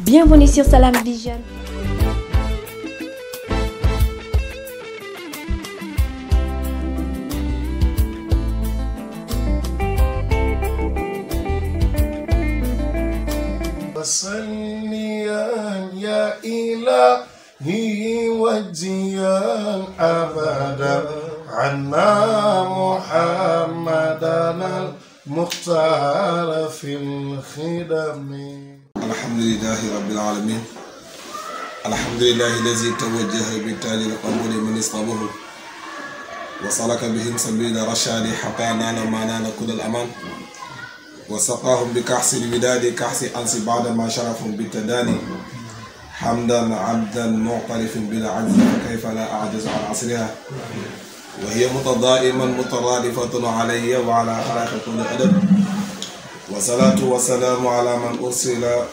Bienvenue sur Salam Vision. صليا يا إلهي وجيا أبدا عنا محمدا المختار في الخدم alhamdulillahi rabbil alamin alhamdulillahi allazi tawajjaha bi taali lqabuli man istabahu wa salaka bihim sabila rashadi xata naana ma naana kul al aman wa saqaahum bi kaxsi lwidaadi kaxsi ansi baada ma sharafum bi tadaani xamdan abdan muqtarifin bila ajzi fa kayfa la ajazu an asriha wa hiya mutadaiman mutaraadifatun alayya wa ala xalaaqi kulli adab wasalaatu wasalaamu ala man ursila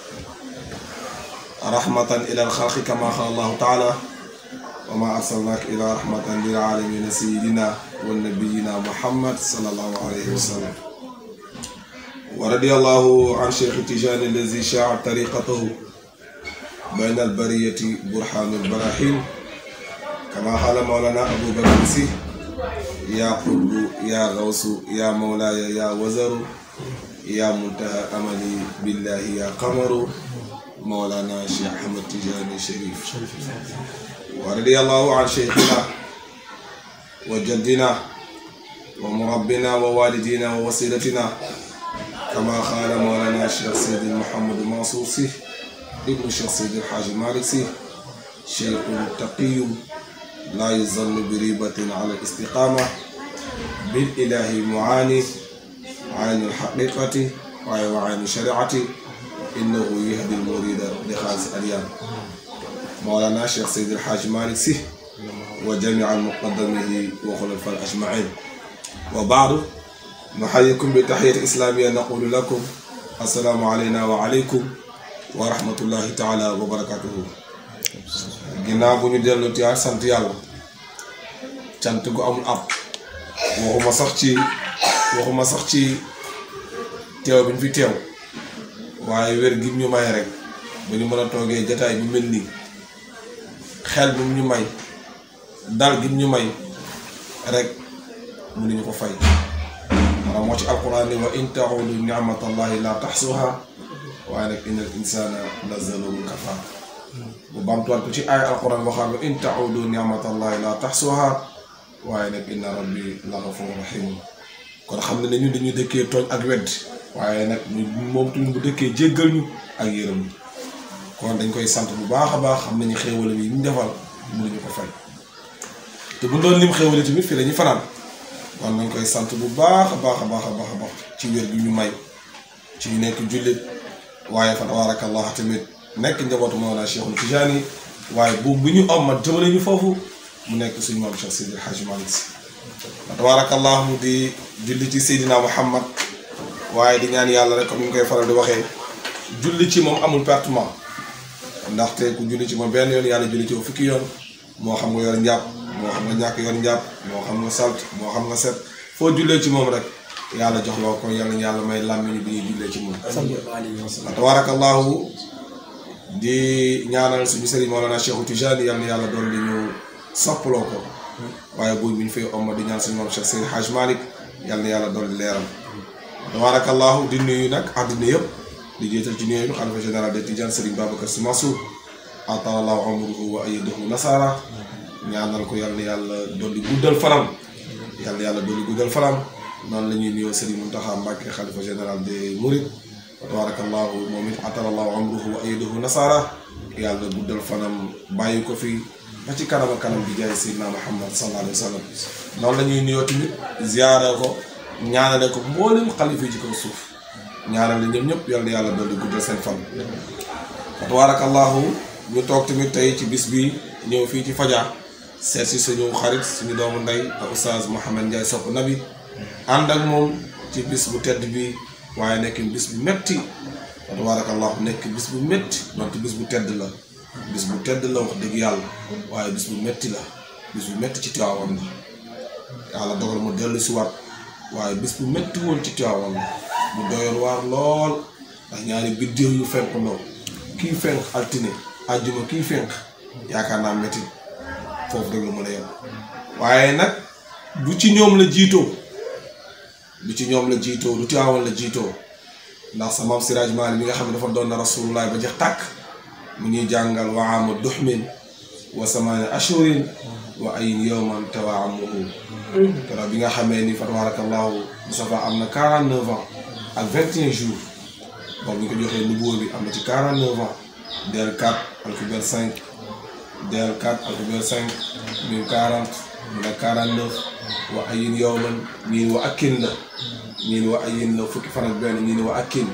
rahmatan ila alxalqi kama xala allahu taala wa ma arsalnaak ila rahmatan lil alamina sayidina wa nabiyina muhammad salallahu alayhi wa sallam wa radiyallahu an cheikh tijani allazi shaa tariqatahu bayna albariyati burhanul barahim kama xala mawlana abu bakar si yaa qutbu yaa gawsu yaa mawlaaya yaa wazaru yaa muntaha amali billahi yaa qamaru mawlana cheikh ahmad tijani sharif wa radiyallahu an cheikhina wa jaddina wa murabbina wa walidina wa wasilatina kama qaala mawlana cheikh seydi mouhamadou mansour si ibnu cheikh seydi alhaaji malik si cheikhun taqiyum laa yuzannu bi ribatin ala al istiqama bil ilahi muani aynu alxaqiqati waaye wa aynu shariati innahu yahdi almurida li xaalis alyam mawlana cheikh seyd alxaaj malik si wa jamii muqaddamihi wa xulafa al ajmain wa baadu nuxayikum bi taxiyati islaamiya naqulu lakum assalaamu alayna wa alaykum wa rahmatullahi taala wa barakatuhu ginnaaw bu ñu dellu tiyaar sant yàlla cant gu amul ab waxuma sax ci waxuma sax ci teew bi ñu fi teew waaye wér gi ñu may rek ba ñu mën a toogee jataay bu mel nii xel bi ñu may dal gi ñu may rek mënuñu ko fay maanaam moo ci alquran ni wa in taxudu ni'matallahi la taxsuha waaye nag innal insana la zalumun kafar bu bamtuwaat ko ci ay alquran waxaat wa in taxudu la taxsuha waaye nag inna rabbi kon xam ne ñun dañuy dëkkee tooñ ak wedd waaye nag moom tamit bu dëkkee jéggal ñu ak yërëm kon dañ koy sant bu baax a baax xam nañu xéewal yi ñu defal mënuñu ko fay bu doon lim xéewal tamit fii la ñuy fanaan kon dañ koy sant bu baax a baax a baax a baax ci wér gi ñu may ci ñu nekk jullit waaye fa tabarakallah tamit nekk njabootu Mawlana Cheikh Tijaani waaye bu bu ñu am ma jëmale ñu foofu mu nekk suñu maam Cheikh Seydi El Hadji tabaarakallaahu di julli ci Seydina Muhammad waaye di ñaan yàlla rek comme ni koy faral di waxee julli ci moom amul pertement ndaxte ku julli ci moom benn yoon yàlla julli ci yow fukki yoon moo xam nga yor njàpp moo xam nga ñàkk yor moo xam nga salt moo xam nga set foo jullee ci moom rek yàlla jox loo ko yàlla yàlla may làmmiñ bi ñuy jullee ci moom tabaarakallaahu di ñaanal suñu sëriñ na Cheikh Tijani yàlla yàlla doon li ñu soppaloo ko waaye buuj bi ñu fay omb di ñaan suñu maam Cheikh Seydi Hadj Malick yàlla na yàlla dolli leeram tabaarakallaahu di nuyu nag àddina yëpp di jiital ci nuyu xalifa de Tidiane Serigne Babacar Sy Mansour atallahu amruhu wa ayyadahu nasara ñaanal ko yàlla na yàlla dolli guddal faram yàlla na yàlla dolli guddal faram noonu la ñuy nuyoo Serigne Mountakha Mbacké xalifa de Mouride tabaarakallaahu moom it atallahu amruhu wa ayyadahu nasara yàlla guddal fanam bàyyi ko fi. ba ci kanam a kanam bi jaay Seydina Muhammad sallallahu alayhi wa sallam noonu la ñuy nuyoo tamit ziyaare ko ñaanale ko mboolem xalifa ci ko suuf ñaanale ñoom ñëpp yal na yàlla dolli guddal seen fan. wa tabaarakallaahu ñu toog tamit tey ci bis bi ñëw fii ci Fadia seet si suñu xarit suñu doomu ndey ak oustaz Mouhamed Ndiaye sopp nabi ànd ak moom ci bis bu tedd bi waaye nekk bis bu metti wa tabaarakallaahu nekk bis bu metti donc bis bu tedd la. bis bu tedd la wax dëgg yàlla waaye bis bu metti la bis bu metti ci Tiwaawan la yàlla dogal mu dellu si waat waaye bis bu metti woon ci Tiwaawan la bu doyoon lool ndax ñaari biddiw yu fenk noonu kii fenk waaye nag du ci ñoom la jiitoo du ci ñoom la jiitoo du Tiwaawan la jiitoo ndax sa maam Siraaj Maalik mi nga xam ne dafa doon na Rasulullah ba jeex tàkk mu ñuy jàngal waxaama duxmin wa samaani ashurin wa ayin yowman tawaamuhu keroog bi nga xamee ni fa tabarakallahu Moustapha am na quarante neuf ans ak vingt boobu ñu ko joxee nubuwa bi am na ci quarante neuf ans del quatre alphabet cinq del quatre alphabet cinq mille quarante mu ne quarante wa ayin yowman ñii wa akkin la ñii wa ayin la fukki fan ak benn ñii wa akkin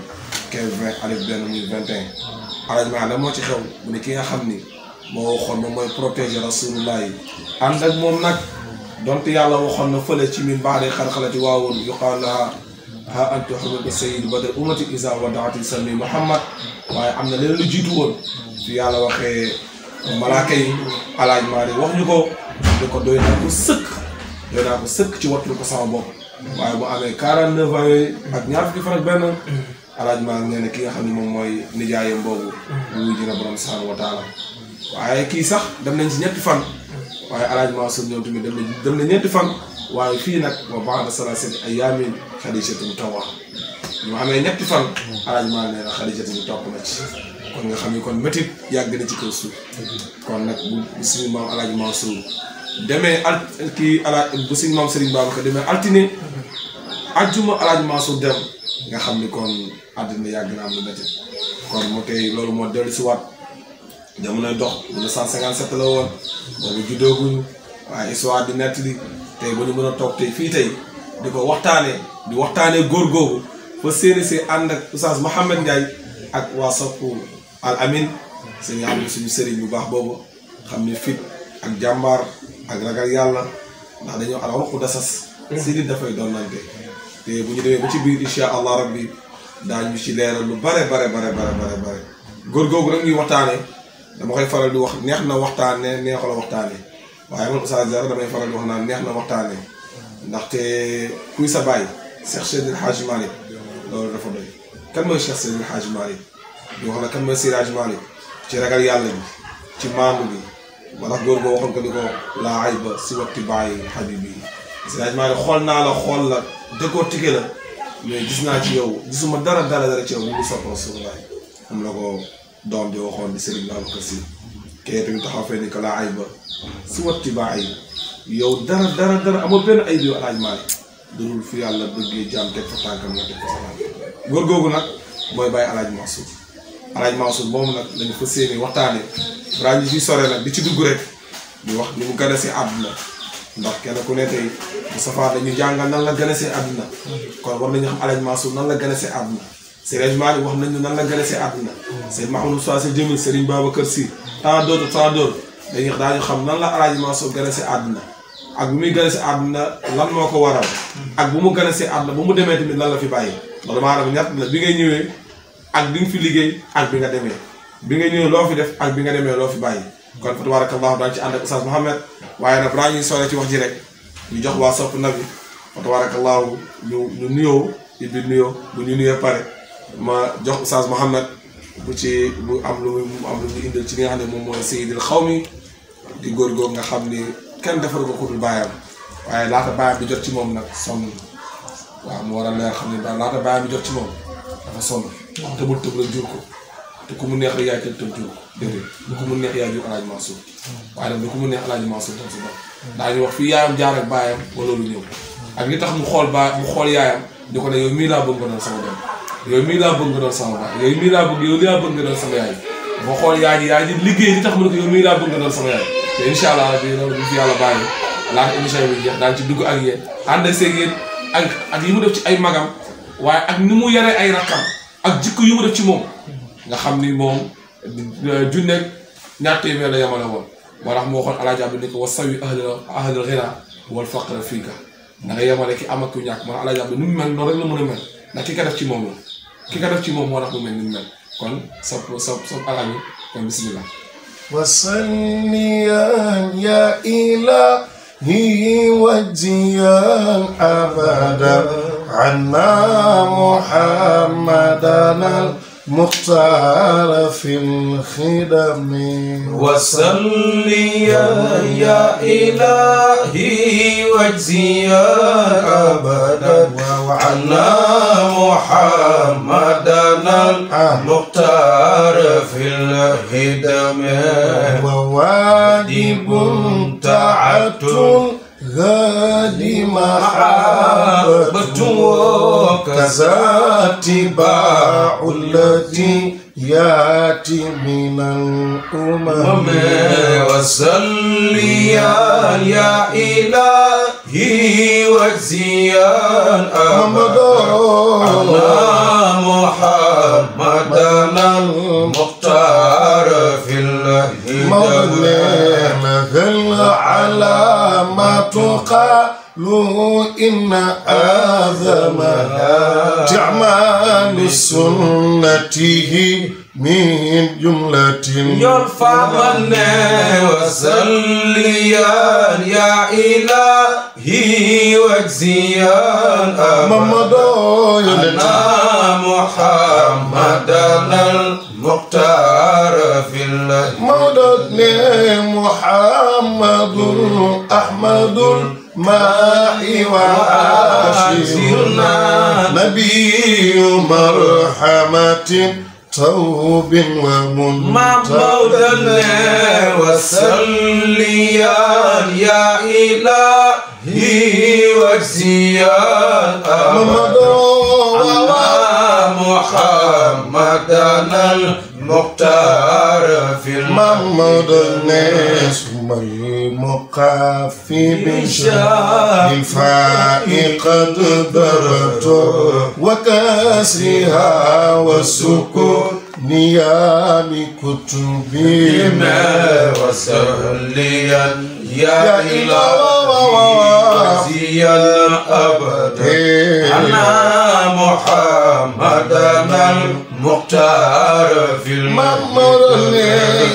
quinze vingt alif benn vingt un arrangement la moo ci xew mu ne ki nga xam ni moo waxoon moom mooy protéger rasulullah yi ànd ak moom nag donte yàlla waxoon na fële ci min baari xarxalati waawoon yuqaal laha ha anti xurmatu sayid bada umati isa wadaati sami muhammad waaye am na leneen lu jiitu woon su yàlla waxee malaaka yi alaaj maari wax ñu ko ñu ko doy naa ko sëkk doy ko ko sama bopp waaye bu amee quarante neuf ans yooyu ak ñaar fukki fan alaaj maa nee na ki nga xam ne moom mooy nijaayam boobu. wuyu ji na borom subhaanahu wa waaye kii sax dem nañ ci ñetti fan. waaye alaaj maa suuf ñoom tamit dem fan. waaye fii nag wa ba'da salaasati ayyaamin Xadijatu mu taw wax ñu amee ñetti fan. alaaj maa nee na Xadijatu kon nga xam ne kon métit yàgg na ci kaw suuf. kon nag bu suñu maam alaaj maa suuf demee al kii alaaj bu suñu maam altine. ajjuma alaaj maa suuf dem. nga xam ni kon àddina yàgg na am na métti kon mu tey loolu moo dellu si waat jamonoy dox 1957 la woon boobu juddooguñu waaye histoire di nettali tey ba ñu mën a toog tey fii tey di ko waxtaanee di waxtaanee góor googu fa séeni si ànd ak oustaz Mouhamed Ndiaye ak waa soppu al amin sëñ si suñu sëriñ bu baax boobu xam ni fit ak jàmbaar ak ragal yàlla ndax dañoo al xulqu dasas mm. si dafay doon nante te bu ñu demee ba ci biir incha allah rabbi daañu ci leeral lu bare bare bare bare bare bare góor googu nag ñuy waxtaanee dama koy faral di wax neex na waxtaanee neexu la waxtaanee waaye man Oustaz Diarra damay faral neex na waxtaanee ndaxte kuy sa baay Cheikh Seydil Hadj Malick loolu dafa doy kan mooy Cheikh Seydil Hadj Malick ñu wax la kan ci ragal yàlla bi ci maandu bi wala góor goo ko ni ko laa ayba si watti bàyyi xabibi Seydi Malick xool naa la xool la décortiqué la mais gis naa ci yow gisuma dara dara dara ci yow lu mu soppal suñu laay am na ko doom bi waxoon di Serigne Babacar Sy kii tamit taxaw fee ni que laa ayib ba si watti baa ayib yow dara dara dara amul benn ayib yu alaaj Malick dudul fi yàlla bëggee jaam teg fa tànkam nga teg fa googu nag mooy bàyyi alaaj Mansour alaaj Mansour moom nag lañu fa séeni waxtaane balaa ñu ci sore nag di ci dugg rek di wax ni mu gën a si àdduna ndax kenn ku ne tey Moustapha dañu jàngal nan la gën a see àdduna kon war nañu xam Alaaji Mansour nan la gën a see àdduna Serigne Malick wax nañu nan la gën a see àdduna Serigne Mahamadou Sa si Jamil Serigne Babacar Sy tant d'autres tant d'autres dañuy daañu xam nan la Alaaji Mansour gën a see àdduna ak bu muy gën àdduna lan moo ko waral ak bu mu gën a see àdduna bu mu demee tamit nan la fi bàyyi loolu maanaam ñett na bi ngay ñëwee ak bi nga fi liggéey ak bi nga demee bi nga ñëwee loo fi def ak bi nga demee loo fi bàyyi kon tabarakallahu daañu ci ànd ak Oustaz Mouhamed waaye nag balaa ñuy sore ci wax ji rek ñu jox waa sopp na fa tabarakallahu ñu ñu nuyoo ibbi nuyoo bu ñu nuyoo pare ma jox Oustaz Mouhamed bu ci bu am lu mu am lu mu indil ci li nga xam ne moom mooy sayidil xaw mi di góorgóor nga xam ni kenn defaru ko kudul bàyyam waaye laata bàyyam bi jot ci moom nag sonn waaw mu war a xam ne laata bàyyam bi jot ci moom dafa sonn tëbul tëbul jur ko te ku mu neex rek yaay tëj tëj déedéet lu ko mu neex yaay jur Alaaji Mansour waaye nag wax fii yaayam jaar ak baayam wala lu ñëw li tax mu xool ba mu xool yaayam di ko ne yow mii laa bëgg nga doon sama doom yow mii laa bëgg nga doon sama baay yow mii laa bëgg yow laa bëgg nga ji yaay dugg ak yéen ànd seeg yéen ak ak yi mu def ci ay magam waaye ak ni mu yaree ay rakam ak jikko yi mu def ci moom nga xam ni moom euh, junneeg ñaar téeméer la yamale woon moo tax moo xoon alaaji Abdu ni ko wa sawi ahlal ghina wal faqra fiika na nga yemale ki am ak ku ñàkk moo tax alaaji Abdu nu mu mel noonu rek la mën a mel ndax ki a def ci moom la ki mu mel ni mel kon sab sab sab alaaji kon bismillah وصليا يا إلهي وجيا أبدا عنا محمدا مختار في الخدم وصل يا إلهي واجزي أبدا وعنا محمدنا المختار في الخدم وواجب طاعته هادي محبة كذاتباع التي ياتي من الأمم وسليا يا إلهي وزيا أمد على محمدنا المختار في الهدى على وتقالوا إن أعظمها جمال سنته من جملة يرفعن وسليان يا إلهي واجزيان محمد محمدا المختار في الله مولدنا محمد أحمد الماء وعاشرنا نبي مرحمة توب ومن مع مولدنا وسليا يا إلهي وجزيا محمد محمدنا المختار في محمد الناس المقاف بشاء فائق قدرت وكاسها والسكون نيام كتبنا وسليا يا إلهي الأبد أنا محمدنا المختار في المقبرة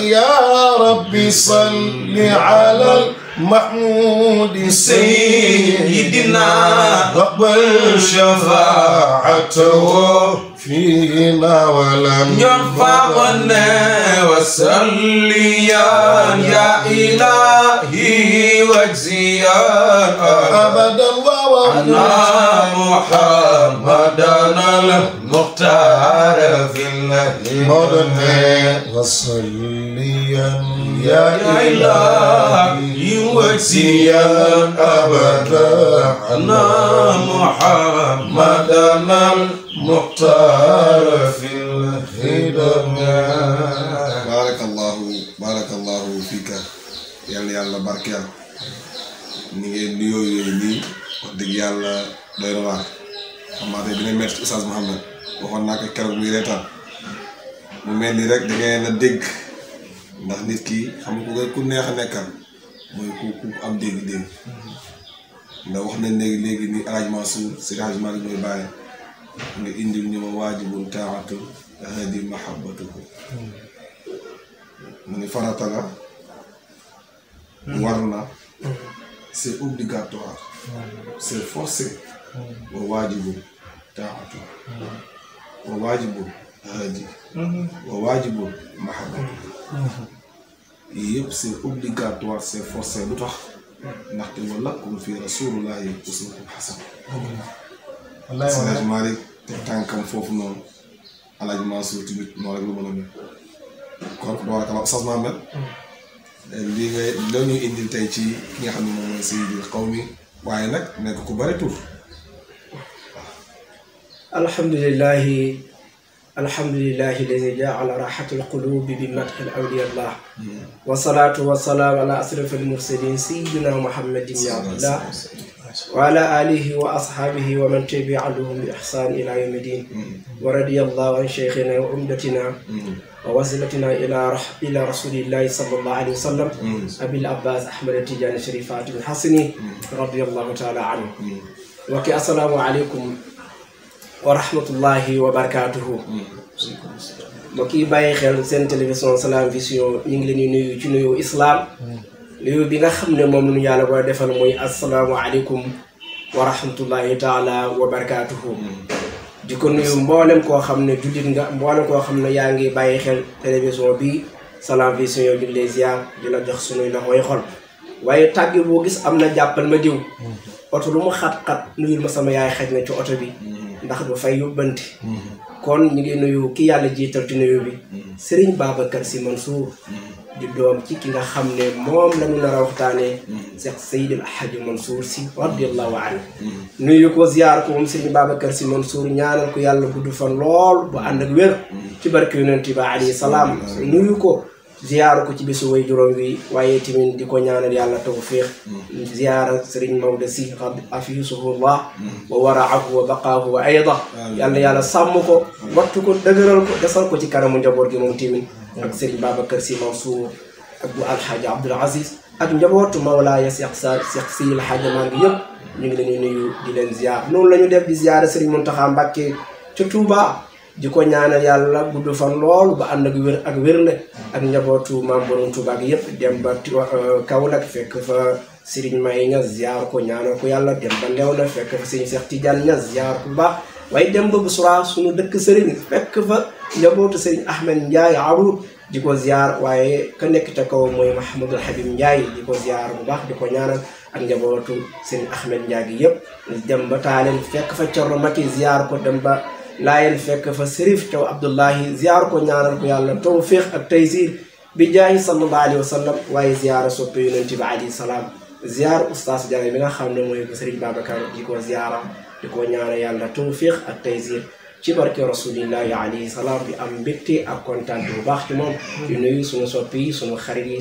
يا ربي صل على محمود سيدنا قبل شفاعته فينا ولم ينفعنا وسليا يا إلهي وجزيا أبدا أنا محمدنا المختار في الله مرني وصليا يا إلهي وسيا أبدا أنا محمدنا المختار في الله بارك الله بارك الله فيك يا يلا بارك يا نيجي نيجي digg yàlla doy na waar xam naa tey bi ngay mettre Oustaz waxoon naa keroog muy reetaan mu mel ni rek da ngeen a dégg ndax nit ki xam ku ku neex a nekkal mooy ku ku am dégg-dégg ndax wax nañ léegi léegi ni El Hadj Mansour si El bàyyi nga indil ñu ma waajibun taatu hadi mahabbatuhu mu ni farata war na c'est obligatoire c'est forcé mm. wa waajibun taatu mm. wa waajibun haadi mm-hmm. wa waajibun mahabbat mm-hmm. yii c'est obligatoire c'est forcé lu tax mm-hmm. ndaxte wa lakum fii rasuulullaahi uswatun hasana wallaahi Maalik te tànkam foofu noonu Alaaji Mansuur tamit noonu rek lu mën a mel kon boo xam ne sas naa mel mm. lii nga loo ñuy indil tey ci ki nga xam ne moom mooy Seydil Qawmi waaye nag nekk ku bari tur alhamdulilahi alhamdulilahi alladi jaala raxatul qulubi bi madxil awliyallah hmm. wasalaatu wasalaam ala asraf almursalin sayidina muhammadin ya abdillah وعلى آله وأصحابه ومن تبعهم بإحسان إلى يوم الدين ورضي الله عن شيخنا وأمتنا ووصلتنا إلى رح إلى رسول الله صلى الله عليه وسلم أبي العباس أحمد التجاني شريف فاتح الحسني رضي الله تعالى عنه وكي السلام عليكم wa rahmatullahi wa barakaatuhu mbokk yi bàyyi xel seen télévision Salam Vision ñu ngi leen di nuyu ci nuyu islaam nuyu bi nga xam ne moom lu ñu yàlla booy defal muy asalaamualeykum wa rahmatullahi taala wa barakaatuhu di ko nuyu mboolem koo xam ne jullit nga mboolem koo xam ne yaa ngi bàyyi xel télévision bi Salam Vision yow ñu ngi lay ziar di la jox sunuy naxooy xol waaye tàgg boo gis am na jàppal ma diw oto lu ma xat-xat nuyul ma sama yaay xaj na ci oto bi ndax du fay yóbbanti kon ñu ngi nuyu ki yàlla jiital ci nuyu bi Serigne si Sy Mansour di doom ci ki nga xam ne moom lañu nar a waxtaanee mm. Cheikh Seydil Hadji Mansour Sy mm. radiallahu anhu mm. nuyu ko ziyaar ko moom Serigne Babacar Sy Mansour ñaanal ko yàlla gudd fan lool bu ànd ak wér ci barke yonent ba alayhi salaam nuyu ko ziyaar ko ci bisu way juróom wi waaye tamit di ko ñaanal yàlla tawfiix ziyaara Serigne Maodo Sy afisuhullah wa waraahu wa baqaahu wa ayda yàlla yàlla sàmm ko wattu ko dëgëral ko desal ko ci kanamu njaboot gi moom ak Serigne Babacar Sy Mansour ak bu Alxaaji Abdul Aziz ak njabootu Mawlaaya Seex si la Seydi man Hadji yëpp ñu ngi leen nuyu di leen ziar noonu la ñu def di ziara Serigne Mountakha Mbacké ca Touba di ko ñaanal yàlla du fan lool ba ànd ak wér ak wérle ak njabootu maam borom Touba gi yëpp dem ba euh, Kaolack fekk fa Serigne May nga ziar ko ñaanal ko yàlla dem ba Léona fekk fa Serigne Seex Tidiane nga ziar ku baax waaye dem ba bu sura suñu dëkk Serigne njabootu sëriñ Ahmed Ndiaye Abou di ko ziar waaye ka nekk ca kaw mooy Mahamadul Habib Ndiaye di ko ziar bu baax di ko ñaanal ak njabootu sëriñ Ahmed Ndiaye gi yëpp dem ba taaleen fekk fa Cerno Maki ziar ko dem ba laayeen fekk fa Sërif Thiaw Abdullahi ziar ko ñaanal ko yàlla tawfiq ak taysir bi jaahi sallallahu alayhi wa sallam waaye ziara soppe yonent bi alayhi salaam ziar oustaz Diagne bi nga xam ne mooy ko sëriñ Babacar di ko ziara di ko ñaanal yàlla ak taysir ci barke rasulillahi alayhi salaam bi am mbégte ak kontaan bu baax ci moom di nuyu suñu soppi yi suñu xarit yi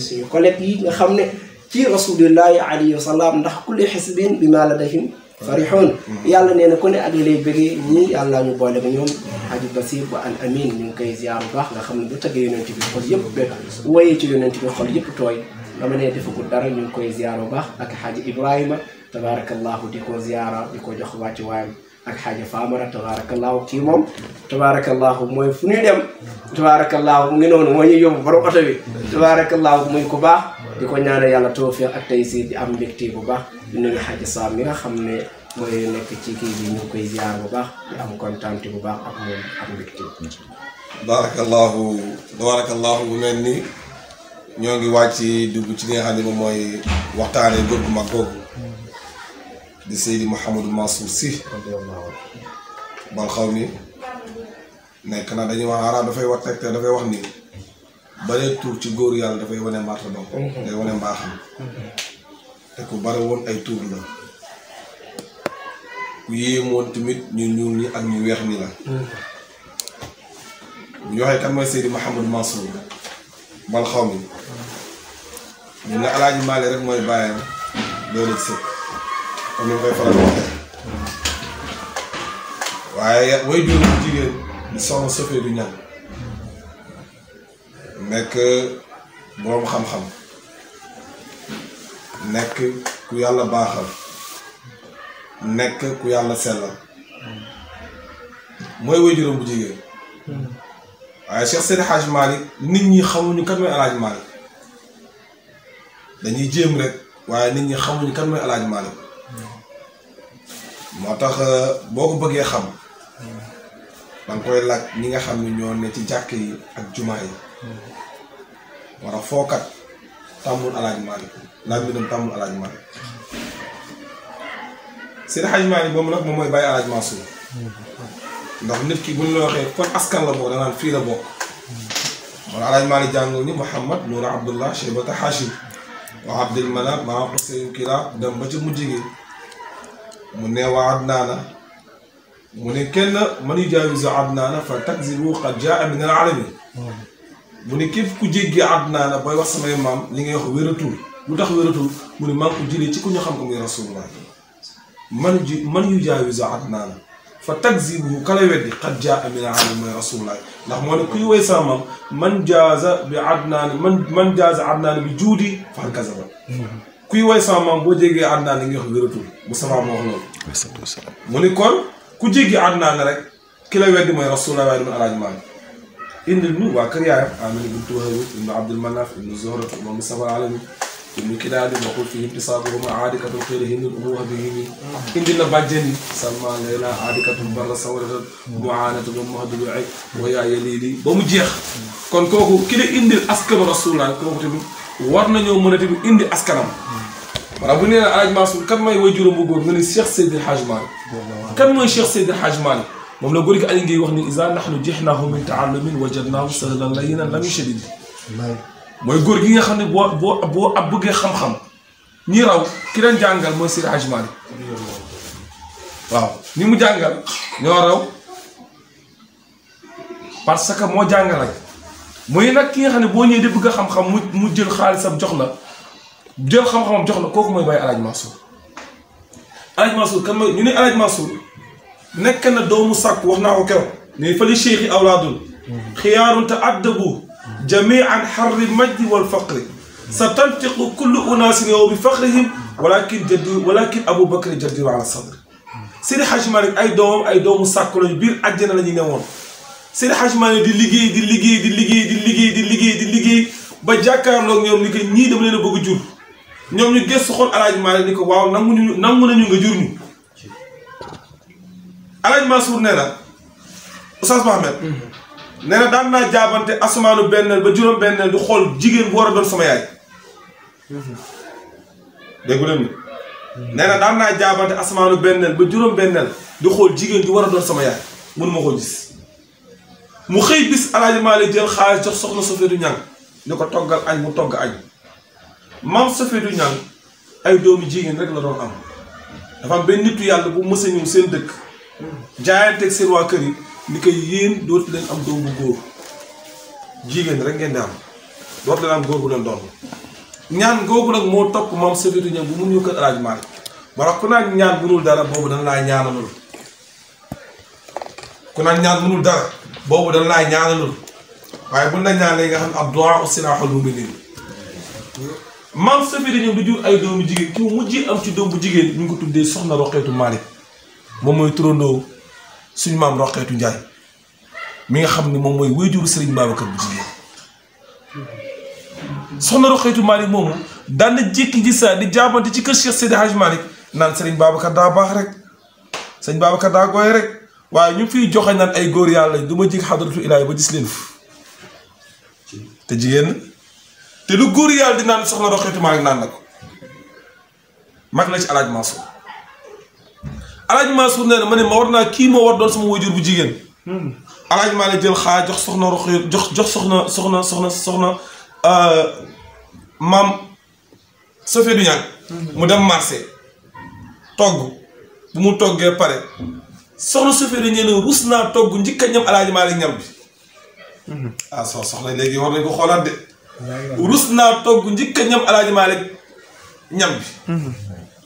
yi nga xam ne ci rasulillahi alayhi salaam ndax kulli xisbin bi maa ladayhim farihun yàlla nee ne ak li lay bëggee ñii yàlla ñu boole ba ñoom Haji Basir ba al amin ñu ngi koy ziar bu baax nga xam ne bu tëggee yonent bi xol yëpp bëgg woyee ci yonent bi xol yëpp tooy dama ne defagul dara ñu ngi koy ziar bu baax ak Haji Ibrahima tabarakallahu di ko ziara di ko jox wàcc waayam ak xaaja faamara tabaarakallaahu kii moom tabaarakallaahu mooy fu ñuy dem tabaarakallaahu mu ngi noonu moo ñuy yóbbu borom oto bi tabaarakallaahu muy ku baax di ko ñaanal yàlla tawfiq ak tey si di am mbégte bu baax di nuyu xaaja mi nga xam ne mooy nekk ci kii bi ñu koy ziar bu baax di am kontaante bu baax ak moom ak mbégte tabaarakallaahu tabaarakallaahu bu mel ni ñoo ngi wàcc dugg ci li nga xam ne moom mooy waxtaanee góor gu mag googu di ma Mouhamadou Mansour Sy bal xaw ni nekk na dañuy wax araab dafay wax tegte dafay wax ni bare tur ci góor yàlla dafay wane màtta doom mhm. day wane mbaaxam mhm. te ku bare woon ay tur la ku yéemoon tamit ñu ñuul ñi ak weex ñi la mhm. bu ñu waxee kan comme ni ma koy faral waaye way jur bu jigéen di soxna Sofee du ñan nekk boroom xam-xam nekk ku yàlla baaxal nekk ku yàlla sellal mooy way juróom bu jigéen waaye Cheikh Seydi Hadj Malick nit ñi xamuñu kan mooy El Hadj dañuy jéem rek waaye nit ñi xamuñu kan mooy El Hadj moo tax euh, boo ko bëggee xam da nga koy laaj ñi nga xam ne ñoo ne ci jàkk yi ak jumaa yi moo tax fookat tàmmul alaaj Maalik laaj bi dem tàmmul alaaj Maalik Seydi Hajji Maalik boobu moom mooy bàyyi alaaj Mansuur ndax nit la waxee kon askan la bokk danaan fii la bokk moo tax alaaj Maalik jàngoo ni Muhammad Nuuru Abdullah Cheybata Hashim wa abdil manaf maa xuseyun kira dem ba ci mujj gi mu ne wa adnaana mu ne kenn man yujaawizu adnaana fa takzibu qad jaa min al bi mu ne képp ku jéggi adnaana booy wax samay maam li ngay wax wératul lu tax wératul mu ne maa ngi ko ci ku ñu xam ko muy rasulullah man ji man yujaawizu adnaana fa takzibuhu kala weddi qad jaa min alim mooy rasulullah ndax moo ne kuy woy sama man jaaza bi adnaani man man jaaza adnaani bi juudi fan kazaba kuy woy sama maam boo jégee adnaani ngi wax wératul Moustapha moo wax loolu. asalaamaaleykum mu ni kon ku jéggi adnaani rek ki la weddi mooy rasulullah waaye dama alaaj maam indil ñu waa kër yaayam Amina bintu Wahab ibnu Abdul Manaf ibnu Zuhra ibnu Mustafa al-Alami ibnu kilaabin waxul fii ibtisaabuhum aadikatul xëyri hindul ubuwa bihimi indi na bàjjen yi salma layla aadikatul barra sawarata muaanatulum mahdulu ay wayaa yelii ba mu jeex kon kooku ki la indil askan rasulullah kooku tamit war nañoo mën a tamit indi askanam wala bu nee na Alaaji Mansuur kan may way juróom bu góor nga ne Cheikh Seydil Hadj Malick kan mooy Cheikh Seydil Hadj Malick moom la góor gi Aliou Ngéye wax ni isa nahnu jihnahu min taallumin wajadnahu sahlan layyinan lam yushadid mooy góor gi nga xam ne boo boo boo ab bëggee xam-xam ñi raw ki leen jàngal mooy Seydi Hadji Malick waaw ni mu jàngal ñoo raw parce que moo jàngal rek mooy nag ki nga xam ne boo ñëwee di bëgg a xam-xam mu mu jël xaalisam jox la jël xam-xamam jox la kooku mooy bàyyi Alaaji Mansour Alaaji Mansour kan mooy ñu ne Alaaji Mansour nekk na doomu sàkk wax naa ko keroog ne fa li cheikh yi te addabu جميعا حر المجد والفقر ستنطق كل أناس اليوم بفقرهم ولكن جد ولكن abu بكر جدير على الصدر Seydi Hadj Malick ay doomam ay doomu sàkk lañu biir àjjana la ñu ne woon Seydi Hadj Malick di liggéey di liggéey di liggéey di liggéey di liggéey di liggéey ba jàkkaarloog ñoom ni ko ñii dama leen a bëgg jur ñoom ñu gëstu xool Alaaji ni ko waaw nangu ñu nangu jur ñu Alaaji Mansour nee na Oustaz Mohamed neena na daan naa jaabante asamaanu benneel ba juróom benneel di xool jigéen bu war a doon sama yaay déggu leen nee daan naa jaabante asamaanu benneel ba juróom benneel di xool jigéen di war a doon sama yaay mun ma ko gis mu xëy bis alaaji maale jël xaalis jox soxna Sofeetu Ñang ni ko toggal añ mu togg añ maam Sofeetu Ñang ay doomu jigéen rek la doon am dafa am nittu yàlla bu mës a ñëw seen dëkk jaayanteeg seen waa kër yi ni ko yéen dootu leen am doom bu góor jigéen rek ngeen di am dootu leen am góor bu leen doon nag moo topp maam Sëriñ ñam bu mun ñu kër dara boobu dañ laa ñaanalul ku naan ñaan mënul dara boobu dañ laa ñaanalul waaye bu la ñaan léegi nga xam ne ab duwaa silaaxul mu'miniin am ci doom jigéen ñu ngi ko tuddee soxna Roqeetu Maalik moom mooy turandoo suñu maam Roqeetu Njaay mi nga xam ni moom mooy wéyjuru Serigne Babacar bu jigéen soxna Roqeetu Malick moomu daan na jékki ji saa di jaabante ci kër Cheikh Seydi Hadj Malick naan Serigne Babacar daa baax rek Serigne Babacar daa gooy rek waaye ñu fiy joxe naan ay góor yàlla du ma jig xadratu ilaahi ba gis leen fu te jigéen te lu góor yàlla di naan soxna Roqeetu Malick naan na ko mag la ci alaaj Mansour Alaaji Mansour nee na ma ne ma war naa kii moo war doon sama wajur bu jigéen. Hmm. Alaaji maa la jël xaa jox soxna Roxaya jox jox soxna soxna soxna soxna euh, maam Sofie du ñàkk. Hmm. mu dem marché togg bu mu toggee pare soxna Sofie du ñee ne rus naa togg njëkk a ñam Alaaji maa la ñam bi. Hmm. Ah, léegi war xoolaat de. naa togg njëkk a ñam Alaaji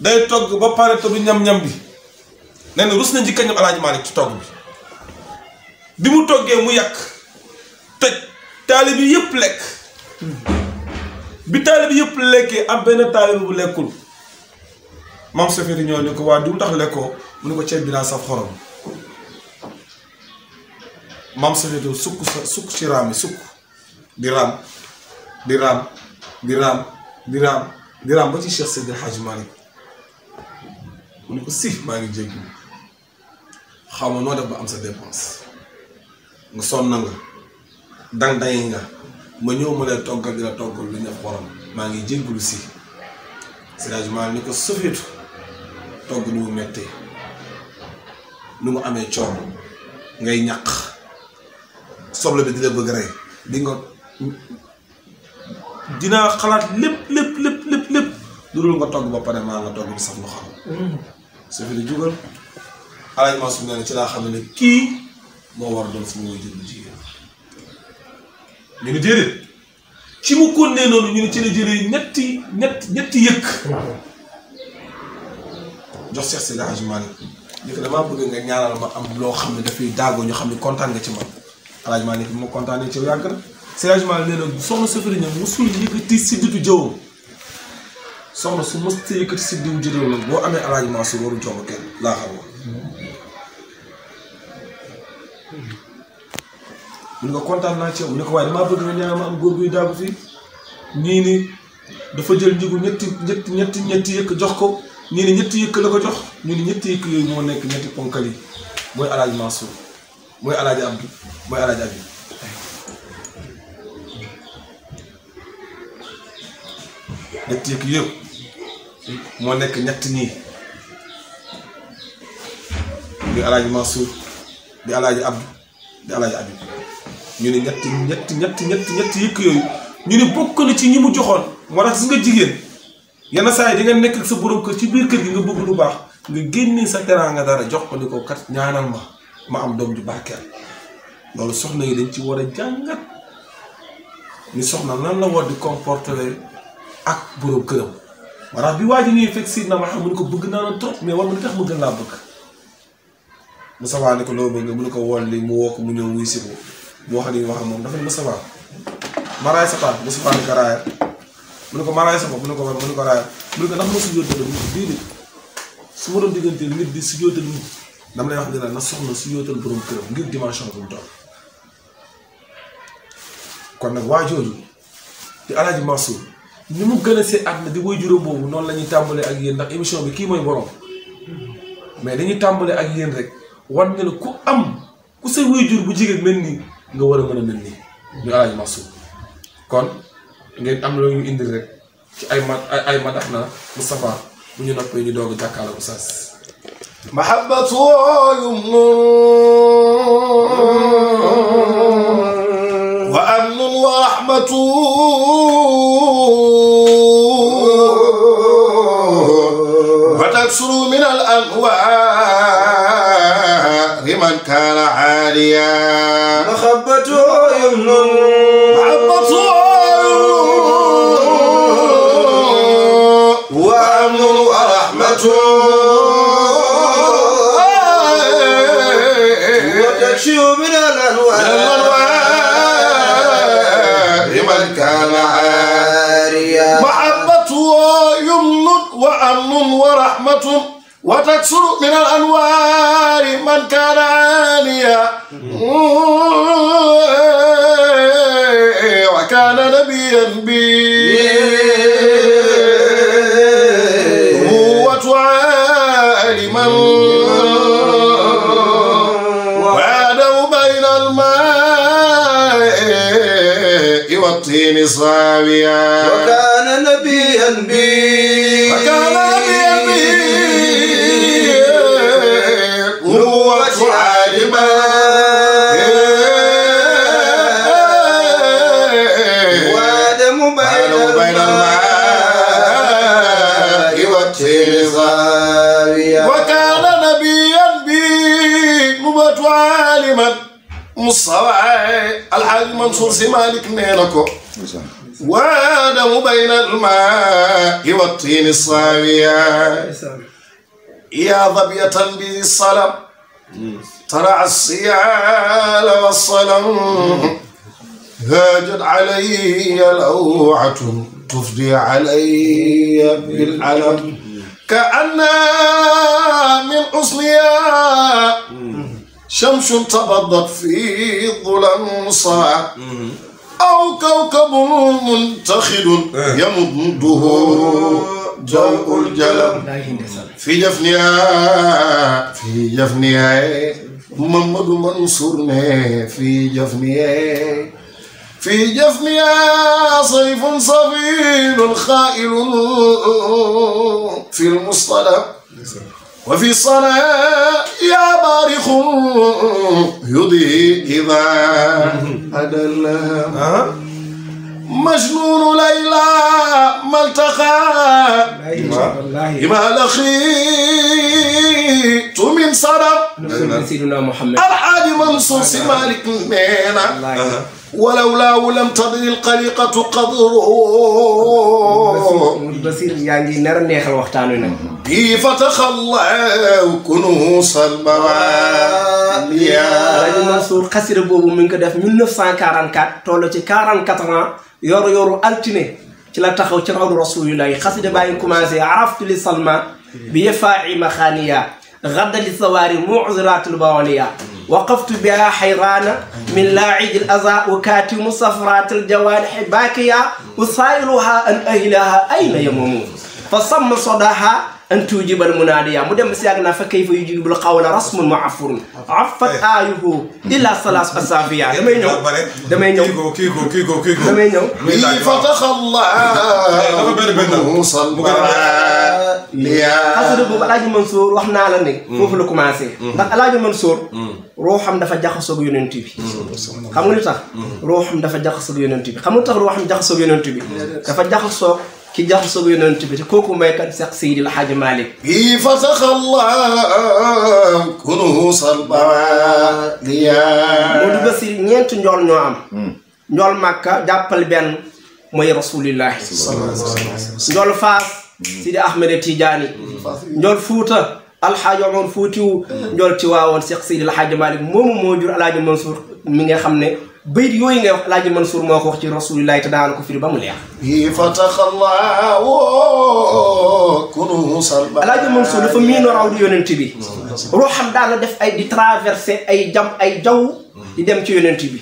day togg ba pare te du ñam ñam bi. nee na rus na njëkk a ñëw Alaaji ci togg bi bi mu toggee mu yàq toj taalib yi yëpp lekk bi taalib yëpp lekkee am benn taalib bu lekkul maam Safari ñoo ne ko waa du tax lekkoo mu ne ko ceeb bi daa saf xorom maam Safari sukk sa sukk ci raam yi sukk di raam di raam di raam di raam di raam ba ci Cheikh Seydi El mu ne ko si maa ngi jéggi xaw ma noo def ba am sa dépense nga sonn nga dang day nga ma ñëw ma lay toggal di la toggal lu ñaf borom maa ngi jéggulu si sérieusement ni ko sufeetu togg nu mu méttee nu mu amee coono ngay ñaq soble bi di la bëgg rey di nga dinaa xalaat lépp lépp lépp lépp lépp dul nga togg ba pare maa nga togg bi sax lu xam mm-hmm. sufeetu jugal Alaaji Mansour nee na ci laa xam ne kii moo war a doon suñu waajur bu jigéen ñu ni mu konnee ñu ni ci la ñetti ñetti ñetti jox Cheikh Seydi Hadji Malick ni ko damaa bëgg nga ma am loo xam ne dafay daagoo ñu xam ne kontaan nga ci man Alaaji Malick ci yàgg na Seydi Hadji si dutu jëwam soxna su mës boo amee Alaaji Mansour waru jox kenn laa xam mun nga kontaan naa ci yow mu ne ko waaye damaa bëgg nga ñaanal ma am góor guy daagu fii nii ni dafa jël njigu ñetti ñetti ñetti ñetti yëkk jox ko ñii ni ñetti yëkk la ko jox ñu ni ñetti yëkk yooyu moo nekk ñetti ponkal yi mooy alaaj Mansour mooy alaaj Abdou mooy alaaj Abi moo nekk ñett ñii muy di alaaji abdu di alaaji abib ñu ne ñetti ñetti ñett ñetti ñetti yëkk yooyu ñu ne bokk na ci ñi mu joxoon moo tax gis nga jigéen yenn saa yi di nga nekk sa borom kër ci biir kër gi nga bëgg lu baax nga génne sa teraanga dara jox ko ni ko kat ñaanal ma ma am doom ju barkeel loolu soxna yi dañ ci war a jàngat ni soxna lan la war di comporter ak borom këram moo tax bi waa na ñuy fekk Sidna Muhammad ko bëgg naa la trop mais war mu gën laa bëgg Moustapha ne ko loo bëgg mu ne ko woon li mu woo ko mu ñëw wuy si ko mu wax li ñu wax moom dafa ne Moustapha ma raay sa tànk Moustapha ko raayal mu ne ko ma raay sa mu ne ko mu ne ko raayal mu ne ko ndax ma sujjóotal mu ne ko bii nit wax dina na soxna sujjóotal borom këram ngir dimension bu mu toll nag waa jooju di Alaaji Mansour ni mu gën a see at na di woy juróom boobu noonu la ñuy tàmbalee ak yéen ndax émision bi kii mooy borom mais dañuy tàmbalee ak yéen rek wan ne la ku am ku sa waajur bu jigéen mel nii nga war a mën mel nii ñu alaaj Mansour kon ngeen am loo ñu indil rek ci ay ma ay na Moustapha bu ñu noppee ñu doog a jàkkaarloo Oustaz محبة يمن وأمن ورحمة وتكسر من الأنواع واختار عاليا محبته يمن محبته وأمن ورحمته وتكشف من الأنوار لمن كان عاريا محبته يمن وأمن ورحمة وتكسر من الأنوار من كان عاليا وكان نبيا بي هو عالما وآدم بين الماء والطين صاويا وكان نبيا بي البصير غاويا وكان نبيا بي مبت عالما مصطفى الحاج منصور سي مالك نينكو وادم بين الماء والطين الصاوية يا ظبية بذي الصلم ترى الصيال والصلم هاجت علي لوعة تفضي علي بالعلم كأن من أصلها شمس تبدت في ظلم صاع أو كوكب منتخد يمده جوء الجلم في جفنها في جفنها محمد منصور في جفنها في جفنها صيف صفيل خائل في المصطلح وفي الصلاة يا بارخ يضيء إذا أدلها مجنون ليلى ما التقى بما لقيت من صرف سيدنا محمد الحاج منصور مالك مينا walawlaahu lam tadri lxaliqatu qadruhu. muy Basir yaa ngi nar a neexal waxtaan wi nag. bii fataxallaahu kunu salmawaat. Alaaji Mansour xasida boobu mi ngi ko def 1944 toll ci 44 ans yoru yoru altine ci la taxaw ci rawdu rasulillahi xasida baa ngi commencé araftu li salma bi yafaa maxaaniya غدا للثواري معذرات البولية وقفت بها حيرانة من لاعج الأذى وكاتم صفرات الجوارح باكية أسائلها أن أهلها أين يمومون فصم صداها an tujibal munaadiya mu dem ba si yàgg naa fa kayfa yujibul qawla rasmun mu'affirun affat aayuhu illa salaas asaafiya damay ñëw damay ñëw kii ko kii ko kii ko damay ñëw xasida boobu alaaji Mansour wax naa la ne mm. foofu la commencé mm. ndax alaaji Mansour mm. ruuxam dafa jaxasoog yonent bi xam nga lu tax ruuxam dafa jaxasoog yonent bi xam nga lu tax ruuxam jaxasoog yonent bi dafa jaxasoog ki jaxasoo yonent bi te kooku may kan sax Seydil Hadji Malick bi fa saxallah kunuhu salbaliya Modou Bassir ñeent njool ñoo am hmm. njool Makka jàppal benn mooy rasulillahi njool Faas Sidi Ahmed Tidiane hmm. njool Fuuta alxaaji Omar Fuutiwu hmm. njool ci waawoon sax la Hadji Malick moomu moo jur alaaji Mansour mi nga xam ne bayit yooyu nga wax Laaji Mansour moo ko wax ci rasulillahi te daana ko firi ba mu leex yi fataxallaahu kunu salba Laaji Mansour dafa miino raw di yonent bi ruuxam daal def ay di traversé ay jam ay jaww di dem ci yonent bi